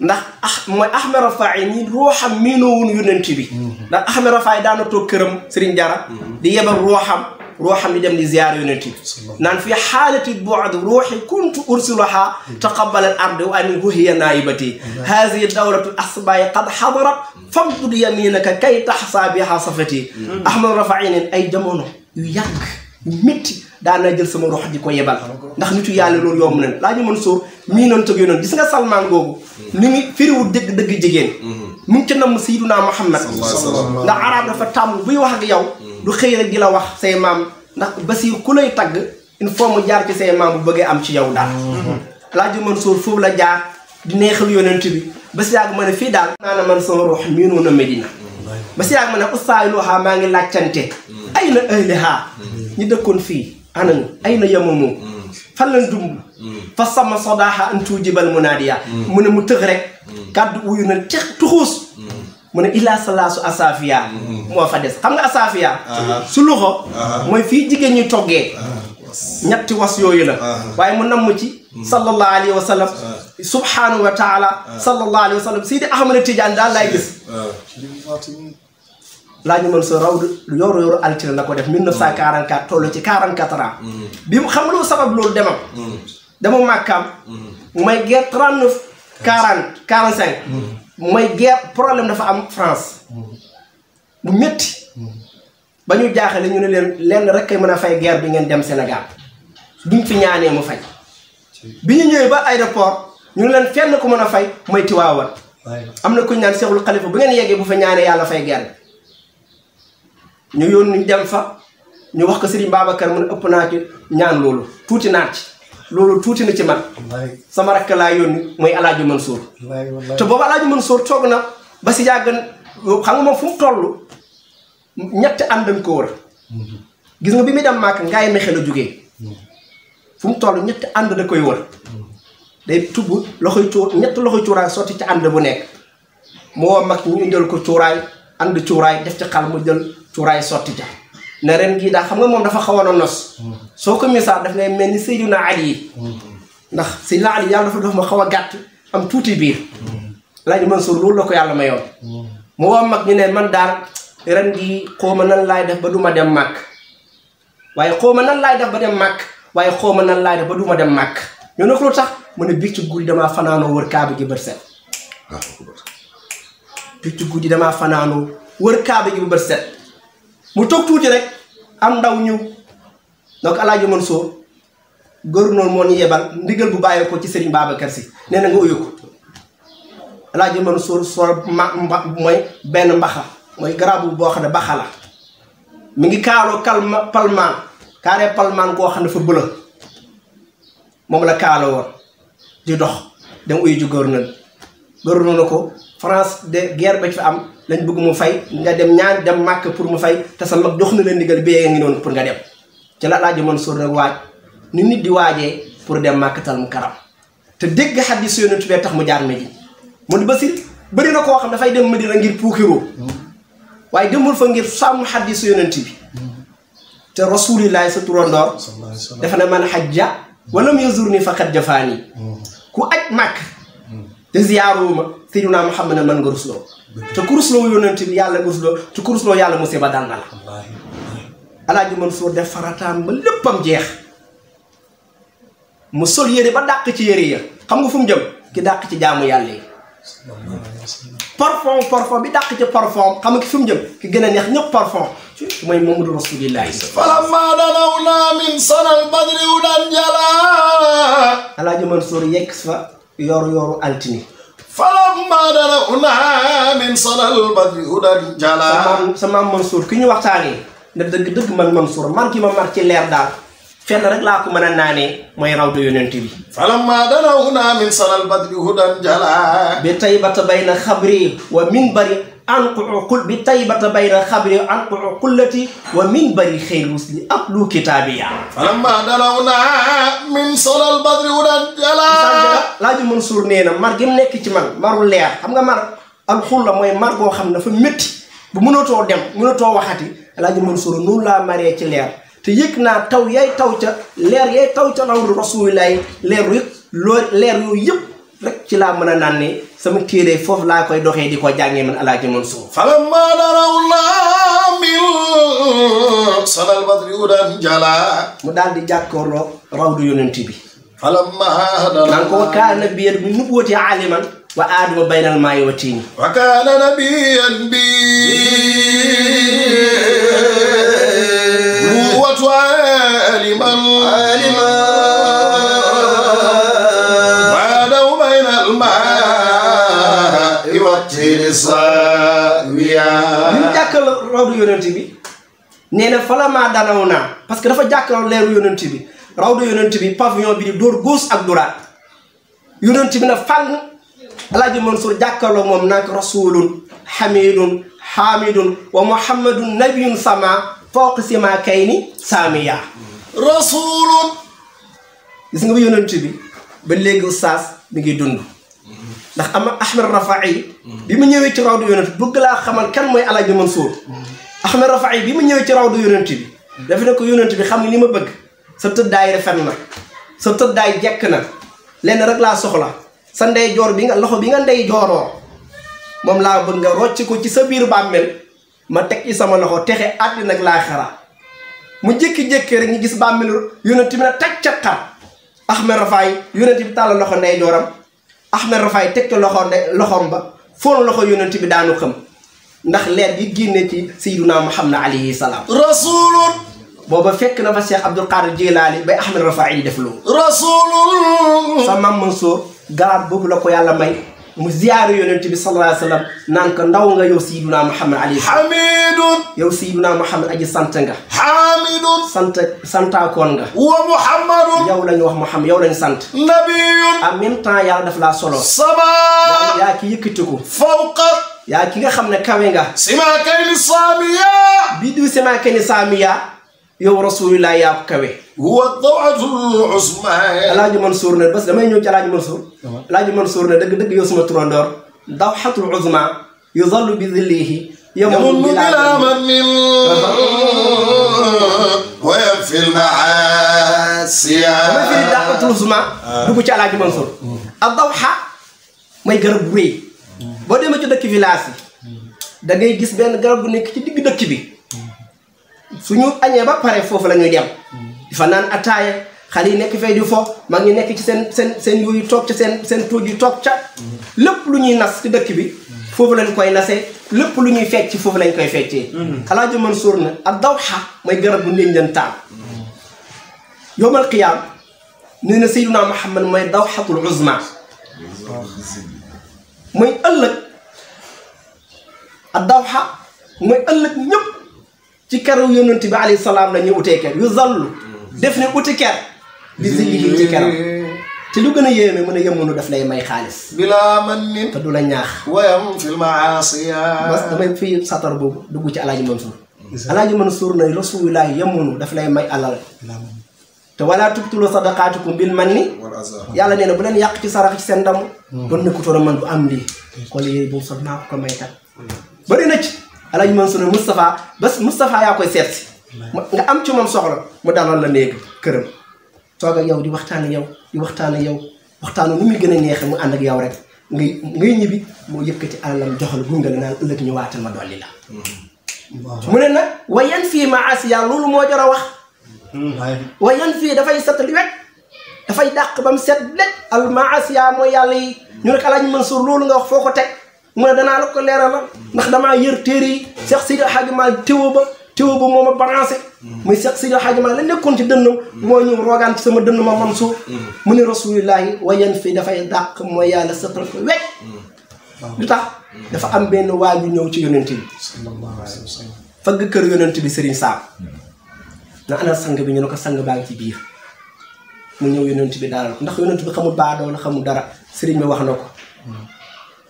ndax ah mooy Ahmed Rafaay nii ruuxam miinoo woon yonent bi mm-hmm. ndax Ahmed Rafaay daana toog këram Serigne Jara mm-hmm. di yebal ruuxam ruuxam di dem di ziyaar yonent bi naan fii xaalati bu'd ruuxi kuntu ursiluha taqabbala al-ard wa anhu hiya naibati haadihi dawlatu asbaay qad xadarat famdud yaminaka kay taxsaa biha safati mm. ahmad rafainin ay jamono yu yàgg yu métti daana sama ruux di ko yebal ah, ndax nitu yàlla loolu yomb nañ laa ñu mën sóor mii noonu tëg yonoon gis nga salmaan googu ni mm. ngi firiwul dëgg dëgg jigéen mm-hmm. mu ngi ca namm sayyiduna muhammad ndax arab dafa tàmm buy wax ak du xëy rek di la wax say maam ndax Basiir ku lay tagg il faut mu jaar ci say maam bu bëggee am ci yow daal. Alaaji Mansour foofu la jaar di neexal yonent bi ba ma ne fii daal. naa na man sama ruux miinu na ma ne maa ngi laajcante. ay na ahliha ñi dëkkoon fii anañu ay na yamamoo. fan lañ dund. fa sama sodaaxa an tuujibal munaadiya mu ne mu tëx rek. kàddu wuyu na tex tuxuus. mu ne illaa salaasu asaafiya mm-hmm. moo fa des xam nga asaafiya uh-huh. su loxo uh-huh. mooy fii jigéen ñi toggee uh-huh. ñetti was yooyu la waaye mu namm ci mm-hmm. sallallahu alayhi wa sallam subhanahu wa taala sallallahu alayhi wa sallam Seydi Ahmada Tidiane daal laay gis laa ñu mën sa raw yooru yooru altine la ko def 1944 toll ci 44 ans bi mu xam loo sabab loolu demam dama màkkaam may guerre 39 40 45 mooy guerre problème dafa am France bu métti ba ñu jaaxale ñu ne leen lenn rek kay mën a fay ger bi ngeen dem Sénégal duñ fi ñaanee mu fay bi ñu ñëwee ba aéroport ñu ne leen fenn ko mën a fay mooy Tiwaawan am na kuñ naan Seexul Xalifa bu ngeen yeggee bu fa ñaanee yàlla fay guerre bi ñu yónni dem fa ñu wax ko Serigne Babacar mu ne ëpp naa ci ñaan loolu tuuti naat loolu tuuti na ci man sama rakk laa yónni mooy Alaaji Mansour te boobu mën soor toog na ba si yàgg xam nga moom fu mu ñetti am ko mm-hmm. gis nga bi muy dem màkk ngaay mexe la jógee mm-hmm. fu mu toll ñetti ànd da koy wër mm-hmm. day tubb loxoy cuur ñetti loxoy cuuraay sotti ci ànd bu nekk moo mag ñu indal ko cuuraay ànd cuuraay def ci xal mu jël cuuraay sotti ca na ren gii daa xam nga moom dafa xawoon a nos. soo ko misaal daf ngay mel ni Seydina naa ndax Seydina Ali yàlla dafa def ma xaw a gàtt am tuuti biir. laaj Mansour loolu la ko yàlla mayoon. mag ñu ne man daal ren gii xaw ma nan laay def ba du ma dem màkk. waaye xaw ma nan laay def ba màkk waaye xaw ma nan laay def du ma dem màkk ñu ne ko lu tax mu ne bicc guddi damaa fanaanoo wër kaaba gi bët set. waaw bicc guddi damaa fanaanoo wër bët set. mu toog tuuti rek am ndaw ñëw donc alaaji Mansour gouverneur moo ñu yebal ndigal bu bàyyeekoo ci Serigne Babacar Sy nee na nga uyu ko alaaji Mansour sol ma mba mooy benn mbaxa mooy garabu boo xam ne baxa la mi ngi kaaloo kalma palmaan kaaree palmaan koo xam ne fa bëla moom la kaaloo woon di dox dem uyu ji gouverneur gouverneur na ko France de guerre ba ci am lañ bëgg mu fay nga dem ñaan dem màkk pour mu fay te sa mag jox na la ndigal bee ngi noonu pour nga dem ci la laaj Mansour nag waaj ni nit di waajee pour dem màkkatal mu karam te dégg xadis yonent bee tax mu jaar Medine mun ba si bëri na koo xam dafay dem Medina ngir puukiroo waaye demul fa ngir sàmm xadis yonent bi te rasulillahi sa turandoor dafa ne man xajja walam yazurni faqad jafaani mm-hmm. ku aj màkk te ziyaaroo ma Seydina Muhammad man nga rusloo te ku rusloo yonent bi yàlla nga rusloo te ku rusloo yàlla musiba dal na la alaaji Mansour def farataam ba léppam jeex mu sol yére ba dàq ci yére ya xam nga fu mu jëm ki dàq ci jaamu yàlla yi parfum bi dàq ci xam nga fi mu gën a neex ñëpp parfum mooy Mamadou Rasulillahi falamma danaw yoor yooru altine falamma dana min salal badri udan jala sa maam sa maam Mansour ki ñu waxtaanee ne dëgg dëgg man Mansour man ki ma mar leer daal fenn laa ko mën a naanee mooy rawdu yonent bi falamma dana min salal badri udan jala bi taybata bayna xabri wa min anquu qul bi taybata bayna xabri anquu qullati wa min bari xeyr wusli ablu kitaabiya falamma dalawna min solal badri wudan jala laaju Mansuur nee na mar gi mu nekk ci man maru leer xam nga mar alxulla mooy mar goo xam dafa métti bu mënatoo dem mënatoo waxati laaju Mansuur noonu laa maree ci leer te yëg naa taw yay taw ca leer yay taw ca law rasulilaay leer yu leer yooyu yëpp rek ci laa mën a naan ne sama foofu laa koy doxee ko jàngee man alaaji Mansuur falamma darawla min salal badri udan jala mu daal di jàkkoorloo rawdu yonent bi falamma darawla ko kaana biyar bi nubuwati aliman wa aadama baynal maayi wa tiini wa kaana nabiyan bi nubuwatu aliman yonent bi nee na danaw naa parce que dafa jàkkaarloo leeru yonent bi rawdu yonent bi pavillon bi di dóor gauche ak droite yonent bi na fànn Alaaji Mansour jàkkaarloo moom naan ko rasulun hamidun hamidun wa muhammadun nabiyun sama fooq sima kay ni saamiya rasulun gis nga ba yonent ba léegi ustaas mi ngi dund ndax ama Ahmed Rafaay bi mu ñëwee ci rawdu yonent bëgg laa xamal kan mooy Alaaji Mansour Ahmed Rafaay bi ma ñëwee ci rawdu yonent bi dafa ne ko yonent bi xam nga li ma bëgg sa tëddaay rafet na sa tëddaay jekk na lenn rek laa soxla sa ndeyjoor bi nga loxo bi nga ndey jooroo moom laa bëgg nga rocc ko ci sa biir bàmmeel ma teg ci sama loxo texe àddina ak laaxira mu jékki-jékki rek ñu gis bàmmeelu yonent bi na taj ca xar Ahmed Rafaay yonent bi tàll loxo ndey jooram Ahmed Rafaay teg ca loxo ndey loxoom ba foon loxo yonent bi daanu xam ndax leer gi génne ci sayyiduna Muhammad alayhi salaam. rasulun. booba fekk na fa Cheikh Abdul ji Jilaani bay Ahmed Rafaa yi def loolu. rasulun. sa maam Mansour garaat boobu la ko yàlla may mu ziyaare yonent bi sallallahu alayhi wa sallam naan ko ndaw nga yow sayyiduna Muhammad alayhi salaam. hamidun. yow sayyiduna Muhammad aji sant nga. hamidun. sant koon nga. wa Muhammadun. yow lañu wax Muhammad yow lañu sant. nabiyun. en même temps yàlla daf laa solo. sama. yaa ki yëkkati ko. fawqa. yaa ki nga xam ne kawe nga simaakayni saamiya bii du simaakayni saamiya yow rasulillah yaa ko kawe wa dawatul usma alaaji Mansuur ne bés damay ñëw ci alaaji Mansuur alaaji Mansuur ne dëgg dëgg yow suma turandoor dawxatul usma yuzallu bi zillihi يمن بلا من وينفي المعاسيا ما في دعوة العظمى دوكو تي الحاج منصور الضوحة ما يقرب وي boo demee ci dëkk village yi da ngay gis benn garab gu nekk ci digg dëkk bi suñu añee ba pare foofu lañuy ñuy dem di fa naan ataaya xale yi nekk fay di fo mag ñi nekk ci seen seen seen yooyu toog ca seen seen toog yi toog ca lépp lu ñuy nas ci dëkk bi foofu lañ koy nasee lépp lu ñuy fecc foofu lañ koy feccee Alaaji Mansuur na ab dawxa mooy garab gu nénjan taam yowmal qiyaam nee na Seydunaa Muhammad mooy dawxatul uzma mooy ëllëg addawxa mooy ëllëg ñëpp ci keroog yonent bi alayhi ñu utee ker yu zallu def ne uti ker di lu gën a yéeme mu ne yemunu daf lay may xaalis bilaa man nin du la ñaax wayam fil maasiya bas damay fii satar boobu dugg ci alaaji Mansour alaaji Mansour na rasulullah yemunu daf lay may alal te wala tubtulu sadaqaatikum bil manni yàlla nee na bu leen yàq ci sarax ci seen ndam hmm. doon nekkutoon man du am lii kon yooyu boobu sax naa ko ko may kat hmm. bëri na ci alaaj Mansour Moustapha hmm. am ci moom soxla mu dalal la néeg këram toog ak yow di waxtaan ak yow di waxtaan ak yow waxtaanu nu muy gën a mu ànd ak rek ngay ngay ñibbi moo yëkkati alalam joxal gunge la naan ëllëg ñu waatal ma dolli wayan fii ma as yàlla loolu moo jar a wax Hmm, wa yan fii dafay set li wet dafay dàq ba mu set lépp almaasiya mooy yàlla yi ñu ne ko Alaaji Mansuur loolu nga wax foo ko teg mu danaa la ko leeralal ndax damaa yër téere yi Seex Sidi Xaaji Maalik téwo ba téwo ba moom a balancé hmm. muy Seex Sidi Xaaji Maalik la nekkoon ci dënnam hmm. moo ñëw roogaan ci sama dënn ma Mansuur mu ne rasulillahi wa yan fii dafay dàq mooy yàlla setal ko wet lu tax dafa am benn waaju ñëw ci yonent bi fagg kër yonent bi sëriñ saam na ana sang bi ñu ne ko sang baa ngi ci biir mu ñëw yonent bi dalal ko ndax yonent bi xamul baadoo la xamul dara sëriñ na ko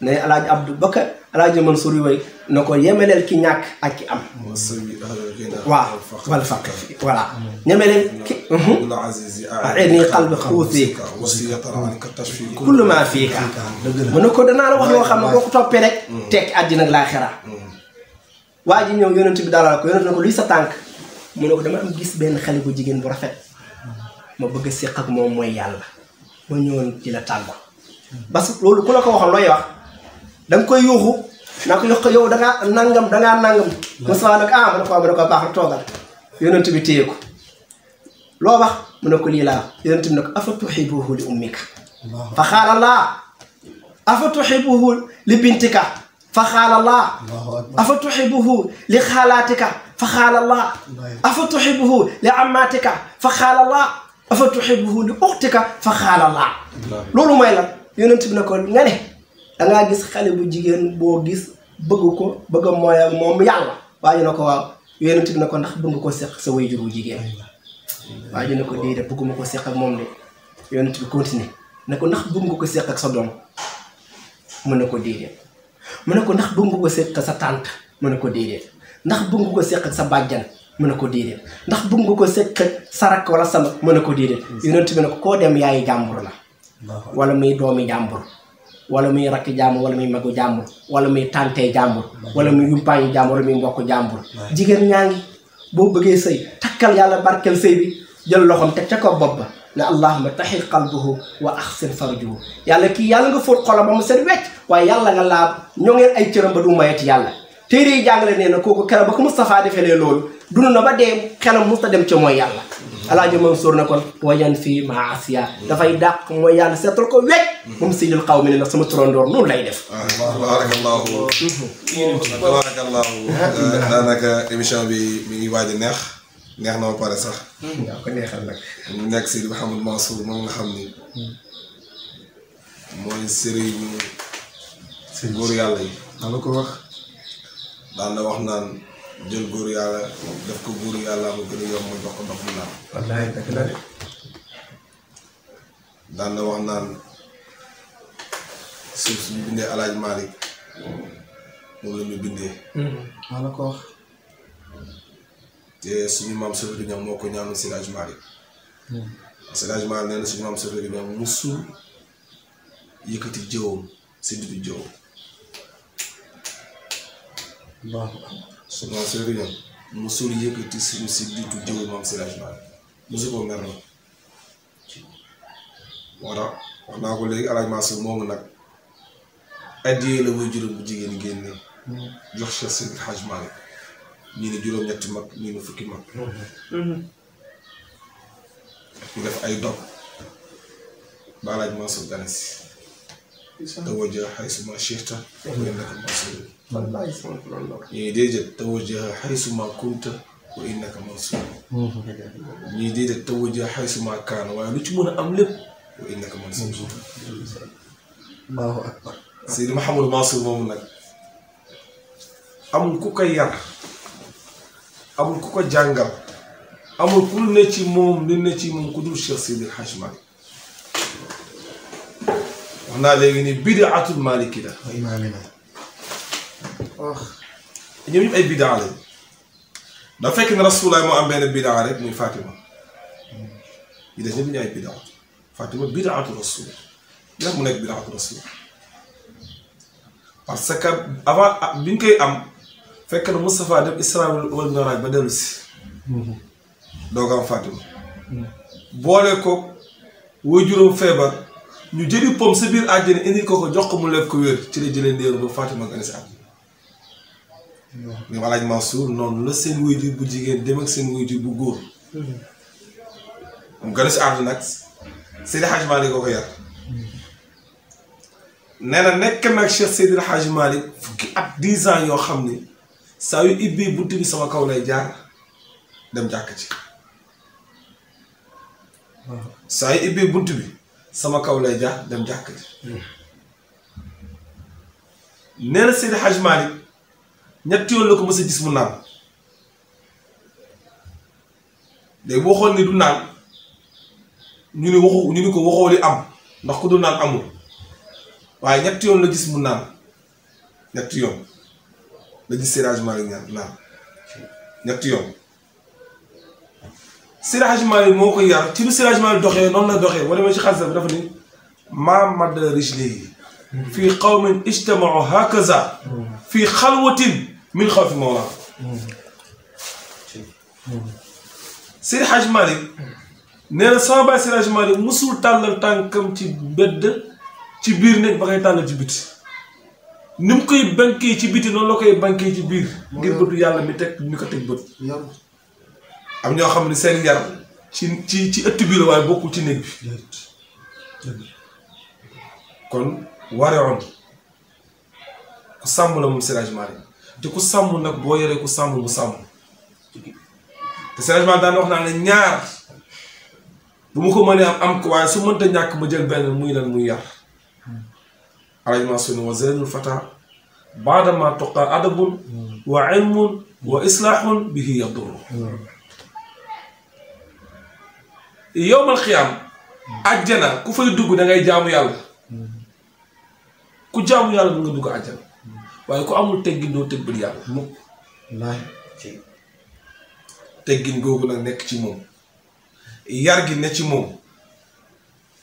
ne alaaj Abdou Bakka alaaj Mansour yi way na ko yemeleel ki ñàkk ak ki am waaw wal faq voilà ñemeleel ki nii xal bi xuusi kullu maa fiika mu ne ko danaa la wax loo mm. waa ñëw yonent bi dalal ko luy sa tànk mu ne ko dama am gis benn xale bu jigéen bu rafet ma bëgg a séq moom mooy yàlla ma ñëwoon ci la tàggu parce que loolu ku la ko waxoon looy wax da koy yuuxu naa ko yox ko yow dangaa nangam dangaa nangam Moussa nag ah ma ne ko ma ne ko baax na toogal yonent bi téye ko loo wax mu ne ko lii laa yonent bi ne ko afa tuxibuhu li ummika fa xaala laa afa tuxibuhu li bintika fa xaalallah afa tuxibuhu li xaalaatika fa xaalallah afa tuxibuhu li amaatika fa xaalallah afa tuxibuhu li uxtika fa xaalallah loolu mooy lan yonent bi na ko nga ne dangaa gis xale wu jigéen boo gis bëgg ko bëgg a mooy ak moom yàlla waaye ñu ko waaw yonent bi ne ko ndax bëgg ko seq sa wayjur bu ñu ne ko déedéet bëgguma ko seq ak moom de yonent bi continué ne ko ndax bëgg nga ko seq ak sa doom mu ne ko déedéet mu ne ko ndax bugg nga ko seq sa tante mu ne ko déedéet ndax bëgg nga ko seq sa bàjjan mu ne ko déedéet ndax bëgg nga ko seq ak sa wala sa mu ne ko déedéet mm-hmm. yonent bi ko koo dem yaay jàmbur la wala muy doomi jàmbur wala muy rakki jàmbur wala muy magu jàmbur wala muy tante jàmbur wala muy yumpaañu jàmbur wala muy mbokk jàmbur jigéen ñaa ngi boo bëggee sëy takkal yàlla barkel sëy bi jël loxoom teg ca ko bopp ba ne allahuma taxir qalbuhu wa axsin farjuhu yàlla kii yàlla nga fóot xolam ba mu set wecc waaye yàlla nga laab ñoo ngeen ay cëram ba du mayati yàlla téere yi jàngale nee na kooku keroog ba ko Moustapha defee lee loolu dund na ba dee xelam musta dem ca mooy yàlla alaaji Mansour na kon wayan fii maa asiya dafay dàq mooy yàlla seetal ko wecc moom seydil xaw mi ne nag sama turandoor noonu lay def ah, baarakallahu baarakallahu daanaka émission bi mi bi waaj a neex neex na ma pare sax. Hmm. waaw ko nekk si Mouhamadou Mansour moom nga xam ni. Hmm. mooy sëriñu. si góor yàlla la ko wax. wax naan jël góor yàlla def ko góor yàlla mu gën a yomb mu moom la ñu bindee. maa hmm. la ko wax. te suñu maam Sëriñ ñoom moo ko ñaanal Seydi Hadji Malick hmm. Seydi Hadji suñu maam Sëriñ ñoom musul musul yëkkati suñu si dudu jëwam maam Seydi Hadji Malick mer na moo tax wax naa ko léegi alaaj maa si moomu nag addiyee la muy juróom bu génne hmm. jox Cheikh Seydi Hadji ñii ne juróom-ñetti mag ñii ne fukki mag. Mm-hmm. ñu def ay dog baalaaj Mansour Gane si. tawajjaha haysu maa shi'ta wa innaka mansuur. wallaahi sama loolu la. ñii déedéet tawajjaha haysu maa kunta wa innaka mansuur. Mm-hmm. ñii déedéet tawajjaha haysu maa kaana waaye lu ci mën am lépp wa innaka mm-hmm. mansuur. amul ku ko jàngal amul ku ne ci moom lu ne ci moom ku dul Cheikh Sidi El Hadj Malick wax naa léegi ni bidaatul maliki la oh. ñoom ñëpp ay bidaa lañ da fekk ne rasulaay moo am benn bidaa rek muy Fatima yi des ñëpp ay bidaa Fatima bidaatu rasul ndax mu nekk bidaatu rasul parce que avant ah, bi ñu am fekk na Moustapha dem Israa wal Miraaj ba dellu si. Mhm. doog am Fatima. boole ko waajuram feebar ñu jëli pom sa biir àjjana indi ko ko jox ko mu lekk ko wér ci la jële néew ba Fatima nga ne mhm. noonu la seen bu jigéen dem ak seen waajur bu góor. Mhm. mu gën a si àdduna nag Seydi Hadj Malick na nekk nag Cheikh Seydil fukki at dix yoo xam ni. saa yu ibbee bunt bi sama kaw lay jaar dem jàkk ci saa yu ibbee bunt bi sama kaw lay jaar dem jàkk ci nee na Seydi Hajj Malick ñetti yoon la ko mës a gis mu naan léegi boo xool ni du naan ñu ni waxu ñu ni ko waxoo li am ndax ku du naan amul waaye ñetti yoon la gis mu naan ñetti yoon nga gis Seydi Hadji Malick ñaan naan ñetti yoon Seydi Hadji Malick moo ko yar la doxee wala ma ci xasida maa mad rijli fii qawmin ijtamaau hakaza fii xalwatin min xawfi mawla Seydi Hadji Malick nee na sama baay Seydi Hadji Malick musul tàllal tànkam ci mbedd ci biir nekk ba ngay tàllal ni mu koy banqué ci biti noonu la koy banqué ci biir. ngir bëtu yàlla mi teg mi ko teg bët. am ñoo xam ne seen yar ci ci ci ëtt bi la waaye bokkul ci néeg bi. kon wareewoon ku sàmm la moom Siraj te ku sàmm nag boo yoree ku sàmm mu sàmm te Siraj Malick daan wax naa ne ñaar bu mu ko mënee am am ko waaye su mënta ñàkk ba jël benn muy lan muy yar. على ما سن وزاد الفتى بعدما تقى أدب وعلم وإصلاح به يضر yowmal xiyaam àjjana ku fay dugg da ngay jaamu yàlla ku jaamu yàlla du nga dugg àjjana waaye ku amul teggin doo tëg yàlla teggin googu nag nekk ci moom yar gi ne ci moom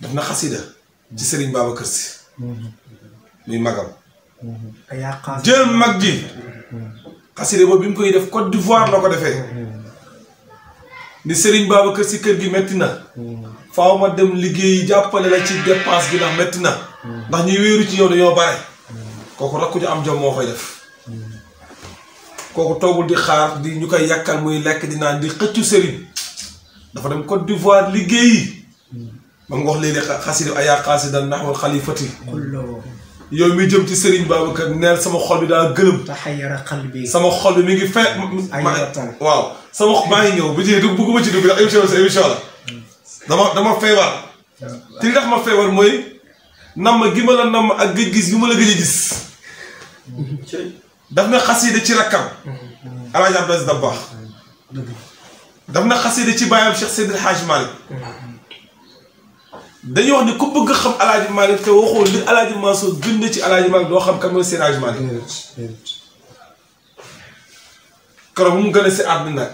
daf na xasida ci Sëriñ Babacar Si muy magam. jël mag ji. xasida boobu bi mu koy def Côte d'Ivoire la ko defee. ni Serigne Babacar si kër gi metti na. faaw ma dem liggéeyi jàppale la ci dépense gi ndax métti na. ndax ñuy wéeru ci yow yoo bare. kooku rakku ju am jom moo koy def. kooku toogul di xaar di ñu koy yàkkal muy lekk di naan di xëccu Serigne. dafa dem Côte d'Ivoire liggéeyi. ma ngi wax léegi xasida ayaa xaasidan naxwal xalifati yow mi jëm ci Serigne Babacar neel sama xol bi daa gëlëm. taxayara qalbi. sama xol bi mi ngi fe. aywaatan waaw sama maa ngi ñëw bu jiyee dugg bëgguma ci dugg ndax émission bi sa émission la. dama dama feebar. te li tax ma feebar mooy. namm gi ma la namm ak gëj gis gi ma la gëj a gis. daf na xasida ci rakkam. El Hadj Abdoulaye Dabakh. daf na xasida ci bàyyam Cheikh Seydil Hadj Malick. dañuy wax ni ku bëgg xam alaaji Malick te waxoo li alaaji Mansour bind ci alaaji Malick doo xam kan mooy seen alaaji Malick keroog bu mu gën a si àdduna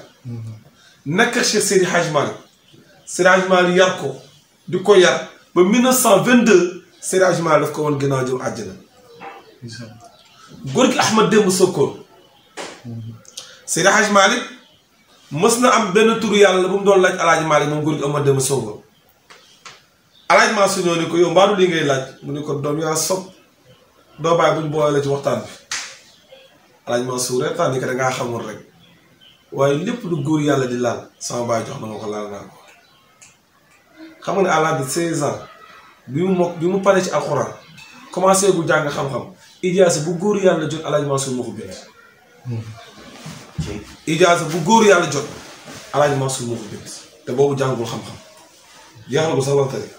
nekk Cheikh Seydi Hadj Malick Seydi Hadj Malick yar ko di ko yar ba 1922 Seydi Hadj Malick daf ko woon ginnaaw jëm àjjana góor gi Ahmad Demba Sokone Seydi Hadj na am benn turu yàlla bu mu doon laaj alaaji Malick moom góor gi de Demba Sokone alaaj maa suñoo ne ko yow mbaaru lii ngay laaj mu ne ko doom yaa sob doo bàyyi buñ boole la ci waxtaan bi alaaj maa suur reetaan ni ko dangaa xamul waaye lépp lu góor yàlla di laal sama jox na ma laal naa xam nga ne à l'âge bi mu bi mu paree ci alxuraan commencé gu jàng xam-xam ijaasa bu góor yàlla jot alaaj maa suur ma bu góor yàlla jot alaaj maa suur ma ko bind te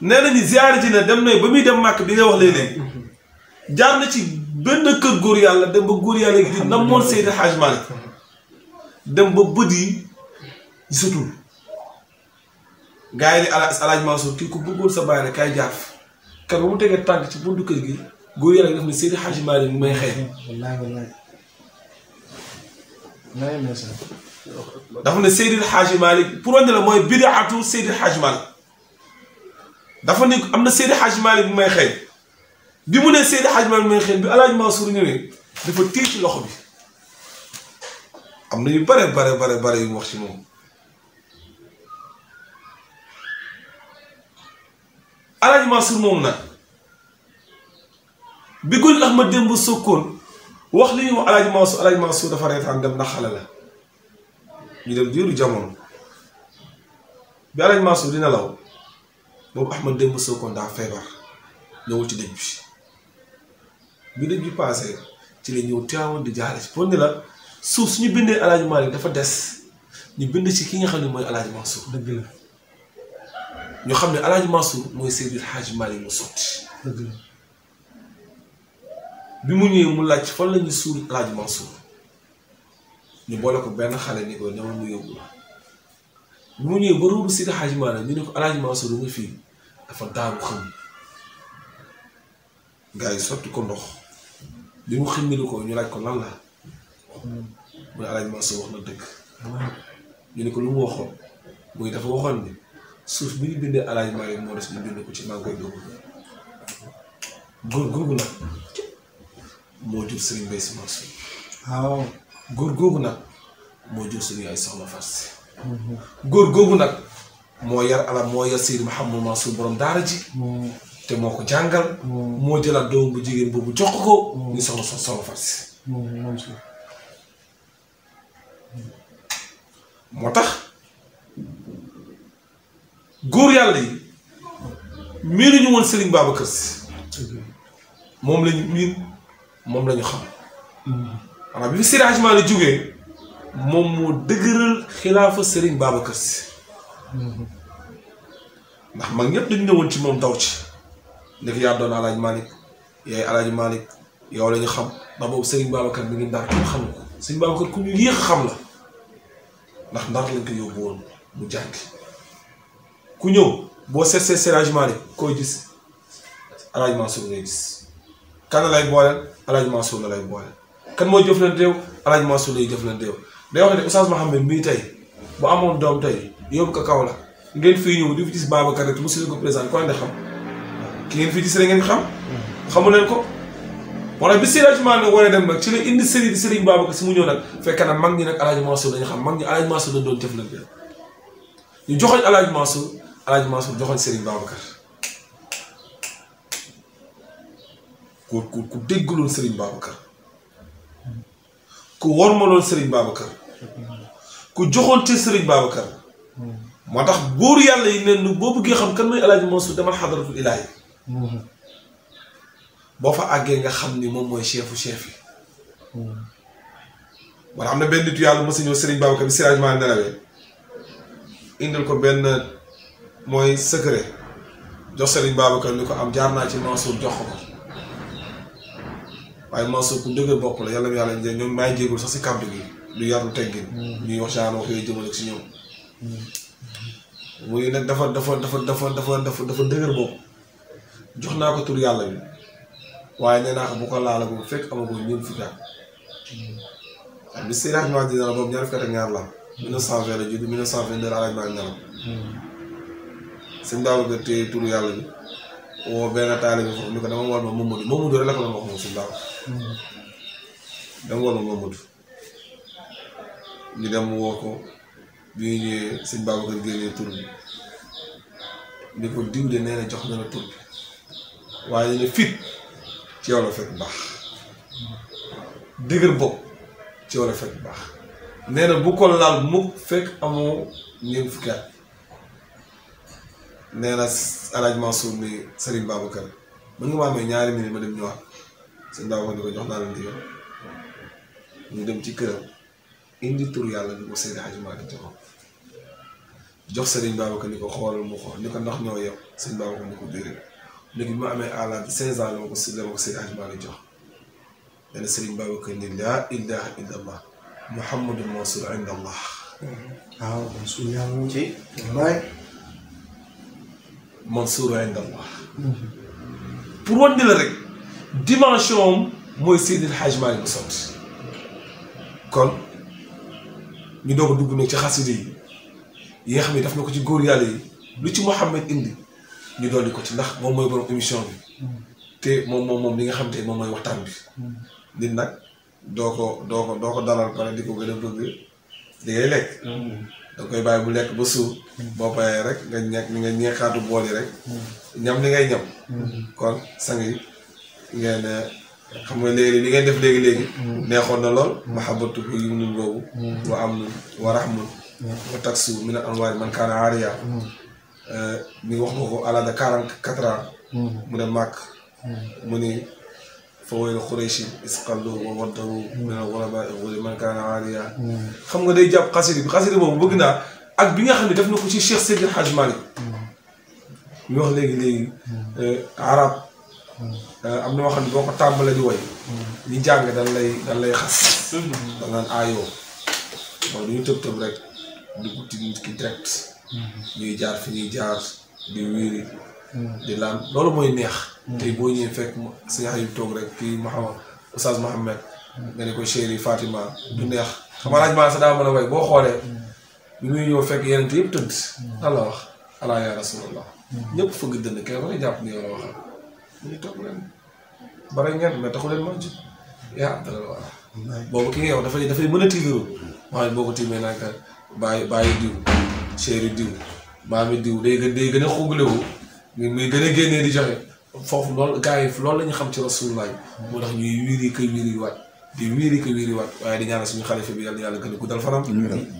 nee nañu ziyaare ji dem na ba muy dem màkk bi ngay wax léeg-léeg jaar na ci benn kër góor yàlla dem ba góor yàlla gi di namoon Seydi Hajj Malick dem ba bët yi gisatul gars yi ne alaaj Mansour kii ku bëggoon sa bàyyi la kaay jaaf kar ba mu tegee tànk ci buntu kër gi góor yàlla gi def ne Seydi Hajj Malick mu may xëy dafa ne Seydi Hajj Malick pour wane la mooy bidaatu Seydi Hajj Malick dafa ne am na Seydi Hadj Malick bu may xeeñ bi mu ne Seydi Hadj Malick bu may xeeñ bi El Hadj Mansour ñëwee dafa téye ci loxo bi am na yu bare bare bare bare yu mu wax ci moom El Hadj Mansour moom na bi gën lax ma démb sokkoon wax li ñu wax El Hadj Mansour El Hadj Mansour dafa reetaan dem na xale la ñu dem diiru jamono bi El Hadj Mansour dina law boobu Axmed démb Sokone daa feebar ñëwul ci dëj bi bi dëj bi paasee ci la ñëw di jaale ci pour ne la suuf suñu bindee El man yi dafa des ñu bind ci ki nga xam ne mooy El Hadj Mansour. dëgg la xam ne El mooy Seydi El Hadj Malick mu sotti. bi mu ñëwee mu laaj fan la ñu suul El Hadj Mansour ñu boole ko benn xale ni ko ñëwal mu yóbbu bu mu ñëwee ba ruubu si da xaaj maanaam ñu ne ko alaaj Mansour nga fii dafa daaru xam gars yi sotti ko ndox li mu ximmili ñu laaj ko lan la mooy alaaj Mansour wax na dëgg ñu ne ko lu mu waxoon muy dafa waxoon ni suuf bi ñu bindee alaaj Malick moo des ñu bind ko ci maa ngi koy dugg góor googu nag moo jur Serigne Mbaye Sy ay soxna Fatou góor googu nag moo yar ala moo yar Seydi Mouhamadou Mansour borom daara ji. Mm. te moo ko jàngal. Mm. moo jëlaat doom bu jigéen boobu jox ko. ñu mm. soxla moo tax góor yàlla yi miinu ñu woon Serigne Babacar Sy. moom lañu miin moom lañu xam. xanaa bi fi Seydi Hadji Malick moom moo dëgëral xilaafa Serigne Babacar Sy ndax mag ñëpp dañu ñëwoon ci moom daw ci nekk yaa doon alaaj Malick yaay alaaj Malick yow la xam ndax boobu Serigne Babacar mi ngi ndar kenn xam ko Serigne Babacar ku ñu ndax ndar mu jàngi ku ñëw boo seet seet Serigne alaaj Malick koy gis kan lay booleel alaaj Mansour la lay booleel kan moo jëflante yow alaaj Mansour lay jëflante day wax ne xam ne mii tey bu amoon doom tey yóbbu ko kaw la ngeen fii ñëw di fi gis Babacar rek si ko présenté ko leen xam ki ngeen ngeen xam. xamu leen ko. wala bi Seydi Hadji war a dem nag ci la indi Serigne Serigne Babacar si mu ñëw nag fekk na mag ñi nag El Hadj Mansour xam mag ñi El Hadj Mansour lañ doon jëflante ñu joxoñ El Hadj Mansour El Hadj Mansour joxoñ Serigne Babacar. ku ku ku déggloon Serigne Babacar ku joxoon ci sëriñ Babacar moo tax góor yàlla yi ne nu boo bëggee xam kan mooy alaaji Mansour demal xadaratul ilaahi boo fa àggee nga xam ni moom mooy chefu chef yi wala am na benn nitu yàlla mos a ñëw Serigne Babacar indil ko benn mooy secret jox Serigne Babacar ni ko am jaar naa ci Mansour jox ko waaye Mansour ku dëgër bopp la yàlla yàlla ñoom maay sax si kàddu gi lu yar lu teggin. ñuy wax genre wax yooyu jëmale si ñoom. Mm-hmm. muy nag dafa dafa dafa dafa dafa dafa dafa dëgër boobu jox naa ko tur yàlla bi waaye nee ko bu ko laala fekk amagoo ñun fukki at. waaw bi Serigne Ahmed ak la am. 1920 la judd 1922 la alaaj maa ngi nelaw. sëñ Babacar téye turu yàlla bi woo benn taalibe foofu ni ko dama war ma Mamadou Mamadou rek la ko doon wax moom sëñ Babacar. Mm-hmm. dama war ma Mamadou. ñu dem woo ko bi ñu ñëwee sëñ Babacar tur bi ni ko diwle nee jox na tur bi waaye ne fit ci yow la fekk baax dëgër bopp ci yow la fekk baax nee bu ko laal mukk fekk amoo ñeent fukki at nee na alaaj Mansour ni Serigne Babacar mën nga ma amee ñaari minute ma dem ñëwaat sëñ Babacar ni ko jox naa la ndigal ñu dem ci këram indi tur yàlla ni ko Seydi Hadji Malick joxoon jox Serigne Babacar ni ko xoolal mu xool ni ko ndax ñoo yow Serigne Babacar ni ko déedéet ni ko ma amee à l'âge de ma ko si la ma ko Seydi jox dana Serigne Babacar ni allah mhm. pour wan la rek dimension am mooy Seydi Hadji Malick bu sotti kon ñu doo a dugg nag ci xasida yi yi nga xam ne daf na ko ci góor yàlla yi lu ci Mouhamed indi ñu dolli ko ci ndax moom mooy borom émission bi te moom moom moom li nga xam te moom mooy waxtaan bi nit doo ko doo ko doo ko dalal pare di ko gën a bëgg di ngay lekk da koy bàyyi bu lekk ba suur boo rek nga ñekk nga ñeexaatu bool yi rek mm. ñam li ngay ñam mm. kon sang yi xam nga léegi li ngeen def léegi léegi. Mm. Mm. neexoon na lool. Mm. mahabbatu yu nun boobu. wa am nun wa rahmun. wa taxu min anwaari man kaana aariya. Eh, mi wax nga ko à l'âge mu ne màkk. mu ni fa wayl isqallu wa waddaru min al-ghurabaa man kaana aariya. xam nga day jàpp xasida bi xasida boobu bëgg naa ak bi nga xam ne daf na ko ci Cheikh Seydil Hadj Malick. mi wax léegi léegi eh, arab. Euh, am na xam ne boo ko tàmbalee di woy ñu mm-hmm. jàng dan lay xas mm-hmm. da naan aayoo mooy du ñu tëb tëb rek dugg ci ki direct mm-hmm. ñuy jaar fi ñuy jaar di wiiri di laan loolu mooy neex tey boo ñëwee fekk siñax yu toog rek kii Mouhamed Oustaz Mohamed nga ne ko chéri Fatima du neex xam laaj maa sax daa mën a way boo xoolee bi muy ñëw fekk yeneen yëpp tëdd lan la wax alaa yaa rasulallah ñëpp fëgg dënd kenn ba jàpp ni yow la waxal ñu toog leen bare ngeen mais taxu leen màcc yaa am boobu ki nga wax dafay dafay mën a tiitaroo waaye boo ko tiimee naa ko bàyyi bàyyi diw chéri diw maami diw day gën day gën a xugalewu muy gën a génnee di joxe foofu lool gars yi lool la xam ci rasulullah moo tax ñuy wiiri kay wiiri waat. di wiiri ko wiiri waat waaye di ñaanal suñu xalifa bi yàlla yàlla gën a guddal fanam.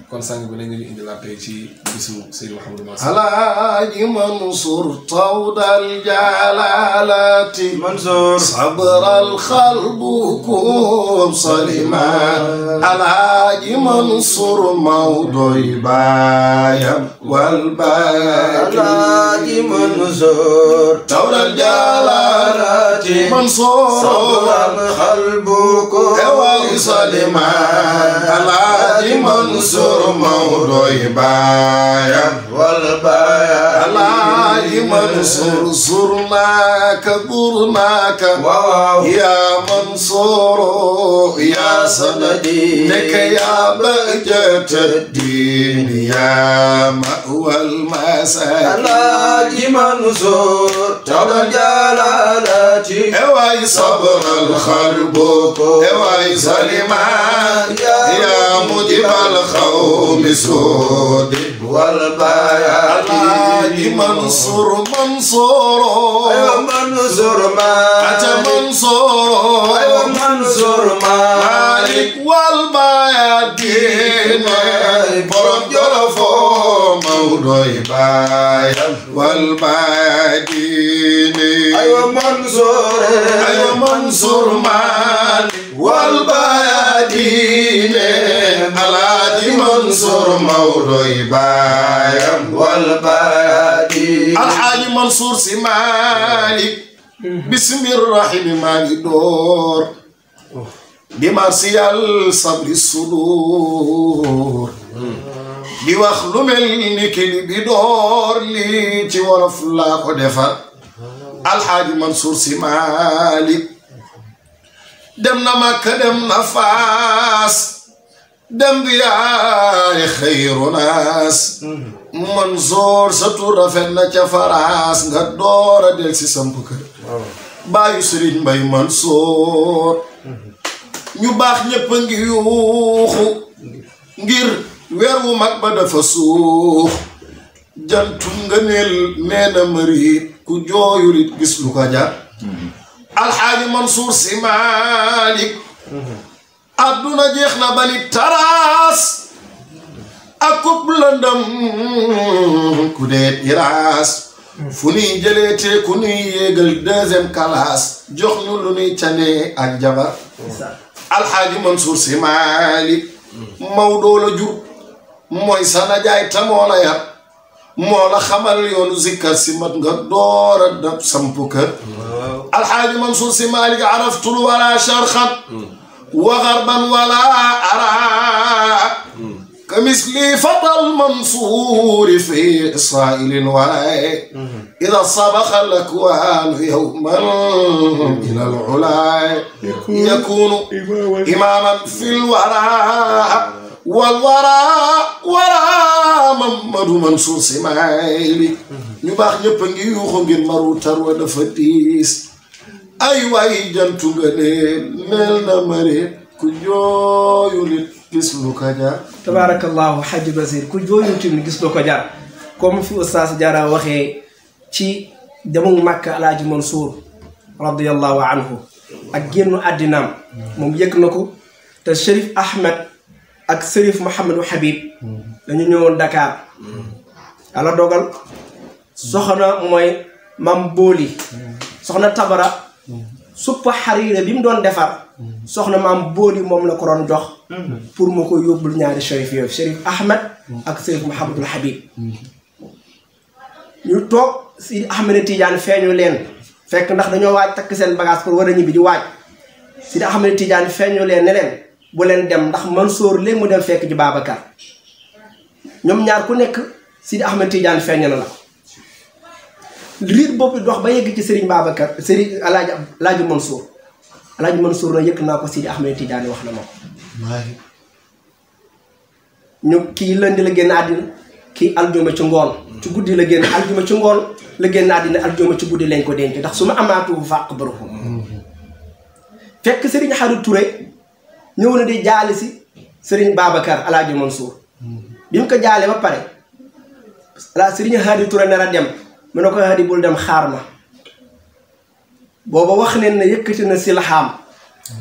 kon sàng bi nañu indi laa tey ci bisu Seydou Mouhamadou Mansour. alaaji Mansour tawdal jaalalaati. Mansour sabral xalbukum salima. alaaji Mansour mawdoy baayam wal baaki. alaaji Mansour tawdal jaalalaati. Mansour sabral xalbukum teewal salima alaaji Mansuur mawdoy baayam wal baayam alaaji Mansuur surnaaka gurnaaka waaw yaa Mansuur yaa sanadi nekka yaa bahjata diin yaa ma'wal masaakin alaaji Mansuur tabal jalaalati ewaay sabral xalbu واي سليمان يا مجيب القوم سود والبيات منصور منصور أيوة منصور ما أتى منصور أيوة منصور ما مالك والبيات برم جرفو موضوع بايا والبيات أيوة منصور أيوة منصور مالك والبيادين على منصور مولاي بايم والبيادين الحالي منصور سمالك بسم الرحيم مالي دور بمرسيال صبر الصدور di wax lu mel ni kili bi door lii ci wolof laa ko defar alxaaji Mansour Sy Malick dem na Makka dem na Faas dem bi yaari xayru naas mm-hmm. Mansoor sa tur rafet na ca Faraas nga door a del si samp kër baayu Sëriñ Mbay Mansoor mm-hmm. ñu baax ñépp ngi yuuxu ngir weer wu mag ba dafa suux jantu nga neel nee na mërit ku jooyulit gis lu ko jar alxaaji Mansour si Malick adduna jeex na ba ni taraas ak kub lëndëm ku dee iraas fu nuy jëleetee ku nuy yéegal jox ñu lu nuy canee ak jabar alxaaji Mansour si Malick Maodo la jur mooy sana jaay tamoo la moo la xamal yoonu zikkar si mat nga door a dab sampu kër alxaaji Mansuur si Maalik araftul wala charxan wa garban wala ara كمثلي فتى المنصور في إسرائيل ولاي إذا صبخ الأكوان يوما إلى العلا يكون إماما في الورى wal waraa waraa Mamadu Mansuur si ñu baax ñëpp a ngi yuuxu ngir maru tarwa dafa diis ay waay jantu nga mel na mareet ku jooyu gis lu ko jar tabaarakallaahu xaj basir ku jooyu tamit gis lu ko jar comme fi ustaas Diarra waxee ci demug Màkka Alaaji Mansuur radiyallaahu anhu ak génnu àddinaam moom yëg na ko te Cherif Ahmed ak Serif Mouhamadou Habib dañu ñëwoon Dakar yàlla dogal soxna mooy mam booli soxna tabara suppa xariire bi mu doon defar soxna maam booli moom la ko doon jox pour mu ko yóbbul ñaari chérif yooyu chérif ahmed ak chérif Mouhamadul Habib ñu toog si ahmed Tidiane feeñu leen fekk ndax dañoo waaj takk seen bagage pour war a ñibbi di waaj si ahmed Tidiane feeñu leen ne leen bu leen dem ndax man Mansoor leen mu dem fekk ji Babacar ñoom ñaar ku nekk Sidi Ahmed Tidiane feeñal na la ko riir boobu dox ba yegg ci sëriñ Babacar Serigne El Hadj El Hadj Mansour El Hadj Mansour nag yëkk naa ko Sidi Ahmed Tidiane wax na ma ko. ñu kii lëndi la génn àddina kii aljuma ci ngoon. ci guddi la génn aljuma ci ngoon la génn àddina aljuma ci guddi lañ ko denc ndax su ma amaatu fàq bërëbu. Mm-hmm. fekk Serigne Xaru Touré. ñëw na di jaali si sëriñ Babacar Alaaji Mansour bi mu ko jaalee ba pare la sëriñ Hadi Touré nar dem mu ne ko Hadi dem xaar ma booba wax leen ne yëkkati na silxaam